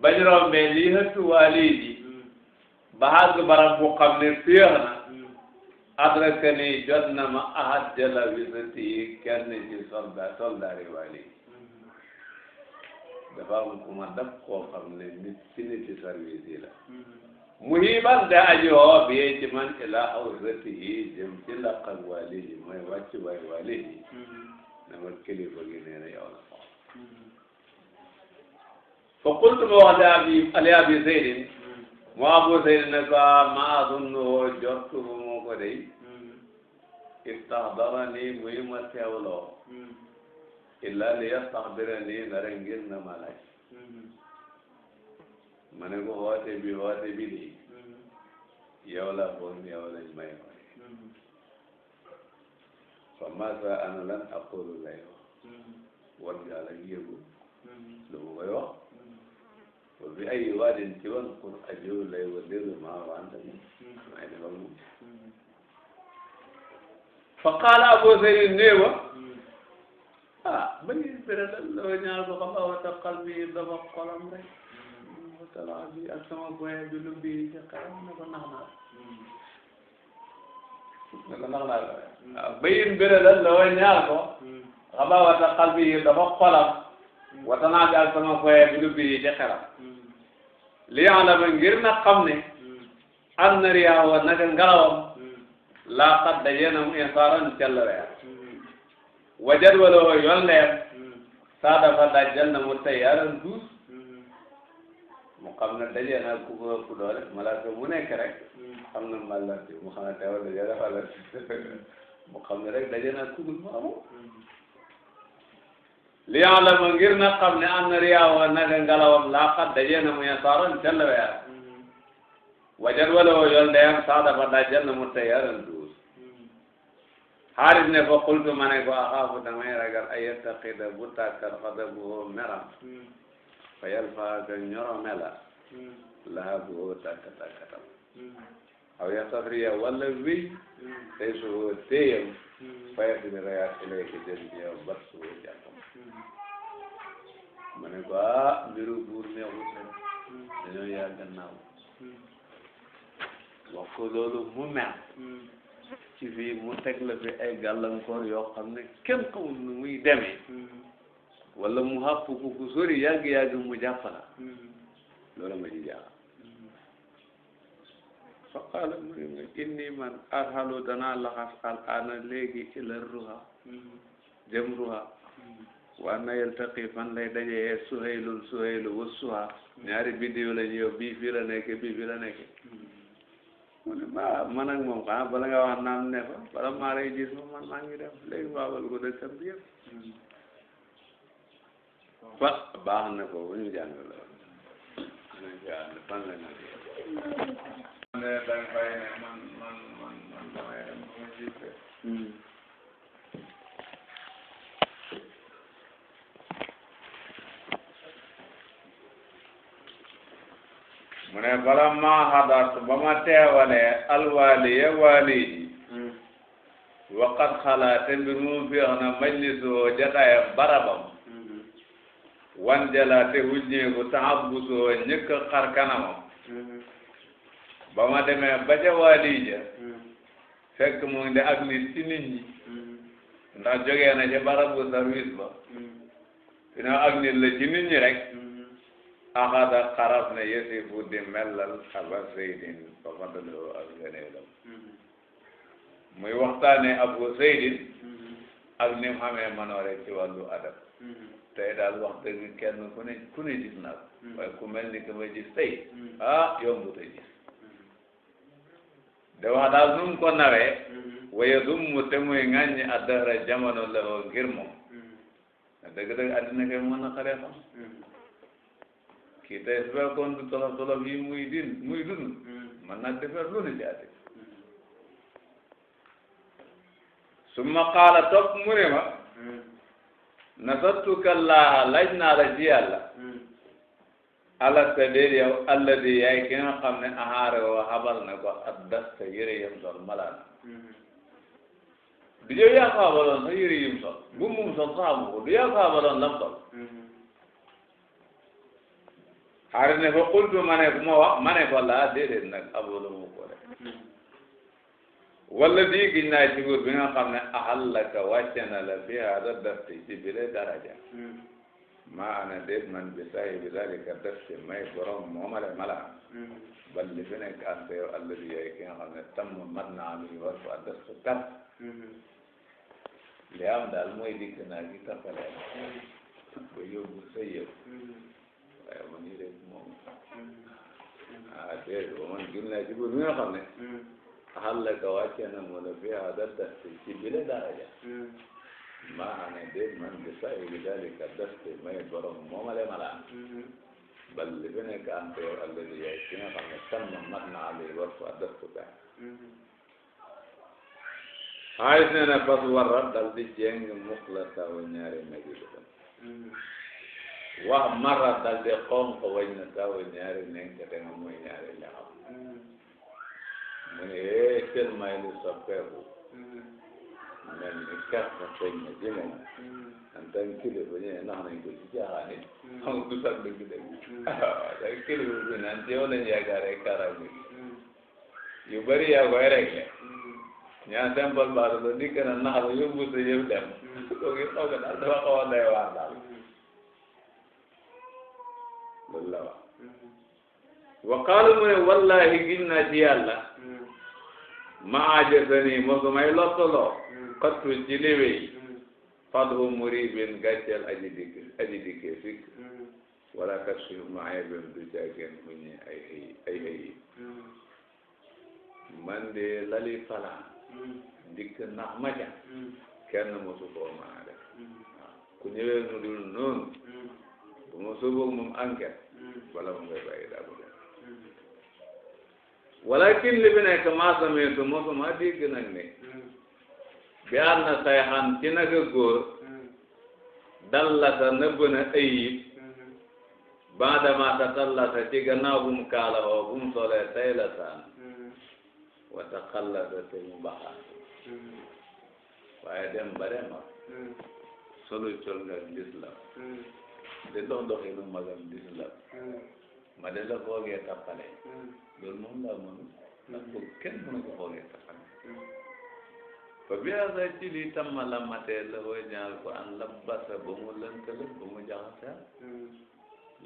bañ rombee lii waali ji ba xàgg barab bu xam ne na adressé ni jot na ma ahad jëla wisati yi kenn ci soldat soldat dafa am ku ma dab koo xam ne nit ci nit ci service yi la muhiman man ila hawsati yi jëm ci laqal wali yi mooy wàcc waay wali na ma kilifa gi nee na yow la ma wax da abi ali abi zeydin moo bu sey ne ko maa dundu woo jortu bu mu ko dey hmm. istaxdara ni muy ma teewloo hmm. illa li yastaxbira ni nara ngir na hmm. ma laaj ma ne ko woote bi woote bi dey la bon yow lañ may woote fa masa ana lan aqulu lay wax wan ngaa la yëgu lu wa bi ay waadin ci wan kun ajoo lay wa liru maa wanta ni may defal moom fa qaala abu sayyid néewa ah bañu béralal loo ñaar ko xam awa taqal bi dama xolam rek watala bi ak sama boye bi lu bi ci xaram na ko nax naa na ko nax naa ko waaw bayin béralal loo ñaar ko xam awa taqal bi dama xolam watanaa daal sama foye bi biri di li alama ngir na xam ne an na riyaawa naka ngalawam laa xadda yenam insaaran callaleer wa jadwaloo yoon leer saa dafa dajjal na mu tayyaaran duus mu xam ne dajee naa ku ko ëpp doole malaaka mu nekk rek xam na mu xam ne teewal dajee dafa la mu xam ne rek dajee naa ku mu amul li yaalama ngir na xam ne am na riyaawa naka ngalawam laa xat daje na mu yasaaran ca la weera mm-hmm. wajan wala woo yoon dayam saa dafa dajal na mu tayaaran duus mm-hmm. xaaris ne fa xultu ma ne ko axaafu damay ragal ay yattaqida bu tàkkal xadabuhu meram mm-hmm. fa yalfaaka ñoro mela laha buhu tàkk tàkkatam aw yasafriya walla wéy tey soo téyam fayat bi rayaat ilayka jëm ci yow bat soo jàppam ma ne ko ah mbiru buur neexut na dañoo yaa gannaaw wax ko loolu mu mer ci fii mu teg la fi ay gàllankoor yoo xam ne kenn xamul nu muy demee wala mu xàpp ko ku sori yàgg-yàgg mu jàpp la loolu ma ci jaaxal fa qaala mu ne ma inni man arhalu danaa al ana léegi ila ruha jëm ruha waa na yeltaqi fan lay dajee suhaylun suhaylu wa suha ñaari biddiw la ñu yow bii fii la nekk bii fii la mu ne ma man ak moom xanaa bala nga wax naam ne fa bala maa lay ma man maa ngi dem léegi baabal ko dëkkam bi yëpp fa baax na ko bu ñu jàng la fan la nekk ne da nga hmm. mu ne bala maa hadat ba ma teewalee alwaali ya waali hmm. waqat xalaa te mbir mu féex na majlisoo jataayam barabam hmm. wan jalaa te hujñeeku taxabbusoo ñëkk xar kanamam ba ma demee ba ca waali ja hmm. fekk mu ngi de ak nit ci nit hmm. na ca barabu service ba hmm. dina ak nit la ci nit ñi na yesi bu di mellal xaba seydin ba fadaloo ak gëneelam muy abu seydin ak ni mu xamee ci wàllu adab tey daal wax dëgg kenn ku ne ku ne gis naa ko waaye ku mel ni que ma gis ah, de wax daal nu mu ko nawee waye dummu te muy ŋàññi addara jamono la woo ngir moom a mm-hmm. dëgg kay mën na xaree xam mm-hmm. kii tey su fekkoon du tolof tolof yi muy din mm-hmm. na defar lu ne ci àddina summa mu ne ma nasattuka laa laaj naa la ji yàlla alasta déer yow alladi yaay ki nga xam ne ahaare woo xabal na ko ak dasta yëre yim sol malaan mm-hmm. du yow yaa bu mum sol sax amu ko du yaa ko xabaloon lam sol mm-hmm. xaari ne fa qultu ma ne ma mu ko rek wala dii giñ naa ci góor bi nga xam ne ahallaka wàcce na la maa ana déet man bi saayi bi dalika def ci may borom moomale mala bal li fi nekk ànd yow alladi yaay ki nga xam ne tam mat na am yi li am daal mooy dikk naa gi tappalee ba yóbbu sa yëf waaye man yi rek moom ah déet ba man xam ne xal la ka wàcce na mu la maa ne de man bi saa'ili daalika daste may borom moomale malaan bal li fi nekk ante yow alladi yaay ki ne tamma mat na alay war fa dastu ka xaalis ne na fas warra dal di jeng muxlata wa ñaari nagi bëtam wax marra dal di xonq wañ na ta wa ñaari nenk te nga mooy ñaari ñaxam mu ne ee seen may lu soppeeku mel ni kàr na feeñ na ci moom en tant que kilifa ñu ne nax nañ ko ci jaaxaane xam nga du sax dëgg dëgg waaw dag kilifa bi naan ci yow lañ yaakaaree kaaram bi yu bëri yaa koy réglé ñaa sempal baata la dikk na nax la yóbbu sa yëf dem kooku it xaw ko daal dafa xaw a day waar daal loolu la wax wa qaalu mu ne wallahi giñ naa ci yàlla ma aajasani moo ko may lottoloo xattu ci léwéy fadhu muribin gàcceel aji dikk aji dikkee sikk wala kasfihu maayibin du caageen muñe ay xëy ay xëy man lali falaan dikk nax ma ca kenn mosu koo mën a def ku ñëwee nu dul noonu bu ma suboog moom enquête wala mu ngay bàyyi daa bëgg walakin li bi nekk maa sameetu mosuma dégg nag bi ànd na say xan ci naka góor dallasa nëbb na ayib baadamaata tallasa ci bu mu kaalawoo bu mu solee tay la saan wata xallasa te mu baxaan waaye dem ba dem ak solu col nga lislam di dox doxinu magam lislam ma de la foogee tappale loolu moom laa mënu ndax ko kenn mënu ko foogee tappale fa bi asa ci lii tam ma lammatee la koy ñaal ko an labbasa ba mu lëntale ba mu jaxaseel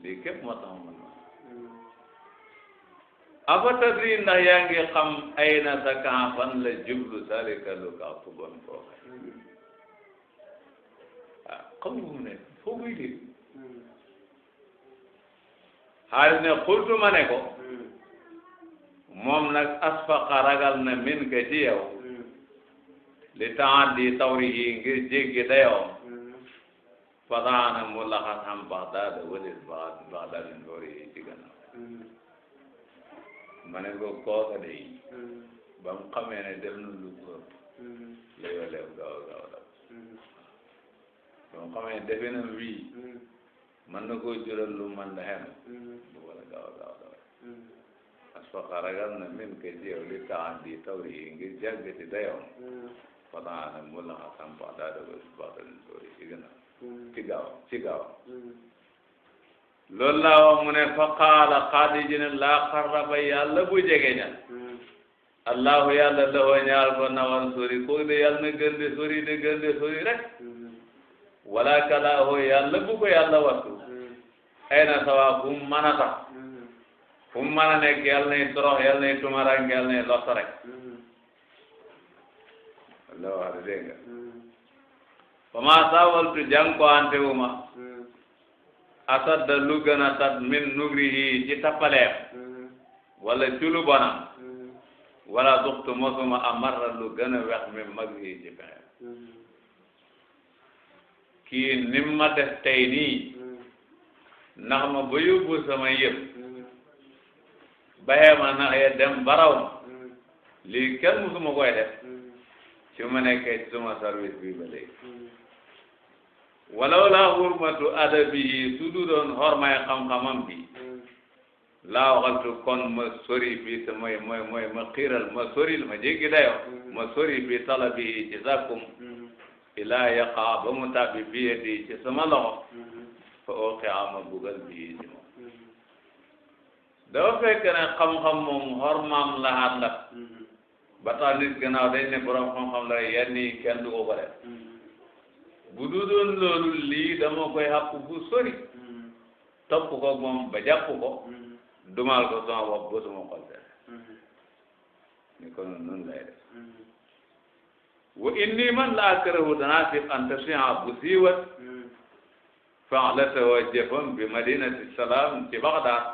lii képp moo tax man ma afatadri ndax yaa ngi xam ay na sa kan fan la jublu salika lu ka fu bon kooxe ah xam nga mu ne foo muy dégg xaalis ne ma ne ko moom nag asfaqa ragal na min ka ci yow li taaddi tawrihi ngir jéggi dayoom fadaana mu laxas xam baxdaada walis baxdaada ndoori ci gannaaw ma ne ko kooka day ba mu xamee ne def na lu ko ëpp la yooleef gaaw gaaw daw ba mu xamee defe na wii mën na koo jural lu man la xem bu wala gaaw gaaw daw asfaqa na min ke jeew li taaddi tawrihi ngir jàggati dayoom fadaanan mulhasan ba'da isbaatin ci gannaaw ci gaaw ci gaaw loolu laa wax mu ne fa qaala xaadi ji ne laa xarraba yàlla bu jege ña allahu yàlla dafa ñaar ko nawan sori kooku de yàlla na gën de sori de gën de sori rek wala kalaahu yàlla bu ko yàlla wattu ay na sawa fu mu mën a sax fu mu mën a nekk yàlla nay torox yàlla nay tumarang yàlla la wax de dégg nga fama hmm. sawaltu jànkoonte wu ma hmm. asadda lu gën a tat min ci tappaleem hmm. wala culu bonam wala duxtu mosuma amarra lu a wex min magrihi ci pexem kii nim ma def tey ma ba yóbbu sama yëpp baxee ma nax dem baraw lii kenn musuma koy def fi hmm. hmm. ma nekkee ci suma service bi ba léegi walaw laa hurmatu adabihi su bi laa waxaltu kon ma sori bi te mooy mooy mooy ma xiiral ma soril ma jéggi dayo ma sori bi talabihi ci sàkkum hmm. ilaa yaqa ba mu tàbbi bi yadi ci sama loxo fa ooqia ma bugal bi ci moom dafa fekk ne xam-xam moom xormaam laxaat la ba tax nit gannaaw dañ ne borom la yenn kenn du ko ko def loolu lii dama koy xàpp bu sori topp ko moom ba ko dumal ko sama bopp ba sama xol seen ni ko noonu lay def wa inni man la akrahu tanasib an tasiha bu siiwat faalatawa jëfam bi madinati salaam ci Baxdaad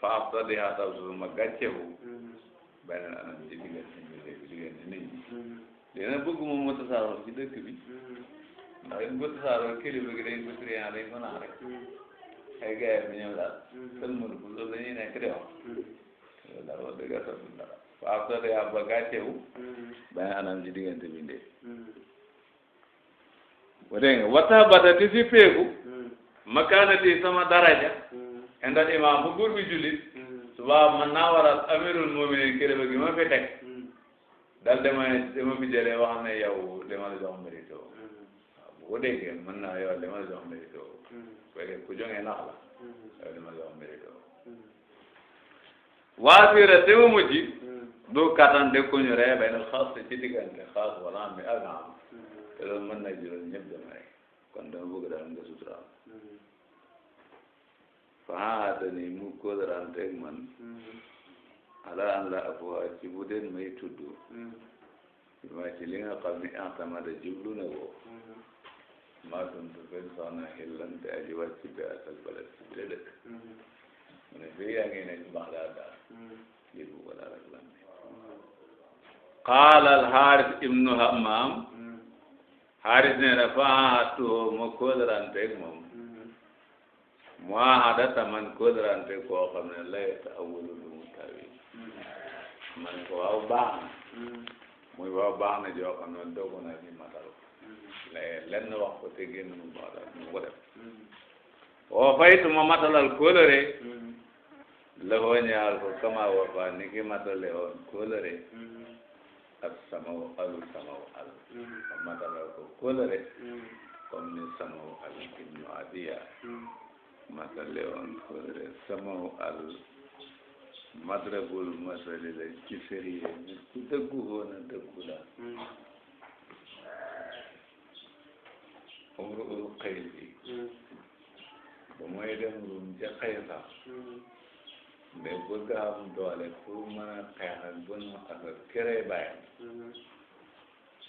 fa abtadiha tabsuma gàccewu beneen anam ci diggante ñu dégg diggante nit ñi léegi nag bëgg moom mu tasaaroo ci dëkk bi ndax it bu tasaaroo kilifa gi dañ ko triant dañ ko naan rek ay gars yi ñoom la ñuy nekk di wax loolu daal wax dëgg sa bu dara waaw soo dee ab anam ci diggante bi ndee wa dégg nga wata bata ti si péegu makaanati daraja indal imaam bu góor bi jullit subaa man naa waral amirul muminin kilifa gi ma fi teg hmm. daal dama dama fi jëlee wax ne yow li ma la jox mérite woo hmm. waaw bu ko déggee mën naa yow li ma la jox mérite ku jógee nax la yow li ma la jox mérite woo hmm. si rek mu mujj du kattan dëkkuñu rek benn xaas ci diggante wala am ak am te mën na jural ñëpp jëm rek kon dama bëgg daal faa dani mu kóodaranteeg man ala an la abuwa ci den may tudd ma ci li nga xam ni entamada jublu na ko maa tuntu fen soxna xillante aji wàcc bi asal balat ci bile dëkk mu ne fii yaa ngi nekk Baxdaad daal lii bu ko lan qaala al Haaris ibnu Hammaam Haaris ne na faa tuho ma kóodaranteeg moom muahadata man kódrante koo xam ne lay taawalu lu mu tawi man ko waaw baax na muy waaw baax na joo xam ne dogu na ci matal lay lenn wax ko te génn mu matal mu ko def woo faytu ma matalal kóolare lëfoo ñaal ko kama wafa ni ki matale woon kóolare ak samaw alu samaw al ma matalal ko kóolare comme ni samaw al ibnu adiya matale woon kóllëre samaw al madrabul masali la ci férié nit ku dëggu woon a dëggu la umru ul xaysi ba mooy dem rum ja xaysa nde bëgg a am doole pour mën a xeex ak bu nu asal kere bàyyam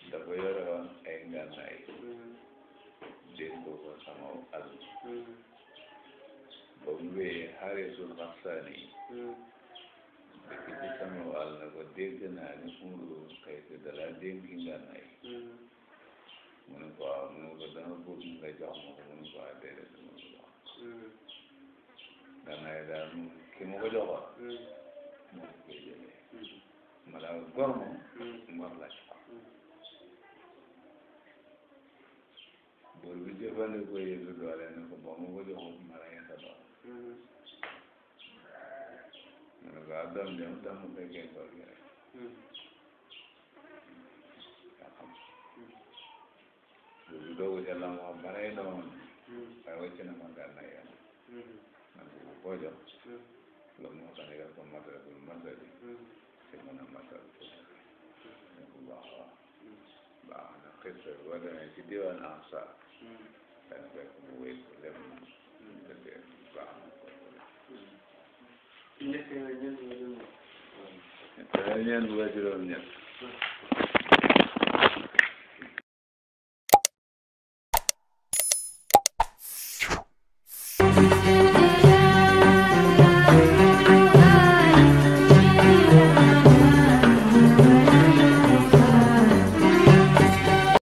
dafa yore woon ay ngànnaay dénk ko samaw al ba hmm. hmm. mu wéyee xarisul maxsaani dëkk ci sama wàll na ko dégg naa ni xumru kay dala dénki ngànnaay mu ne ko mu ne ko dama bëgg nga jox mu ne ko waaw déedéet ko jox ngànnaay daal mu ki ma mu ne ko jëlee ma la gor moom ngor la mu ne ko ah doom bi mu tax mu bëggee góor gi rek yaa xam hmm. loolu doogu ca la mu wax ba rey doomam waaye wàcc na ma gànnaay yàlla hmm. man bu ko koo jox hmm. loolu moo tax nga ko matal bul matal te mën a matal ne ko baax a baax na xisa boo demee ci diwaan ansar dana fekk mu wéy ko lem na ñeent ba juróom ñett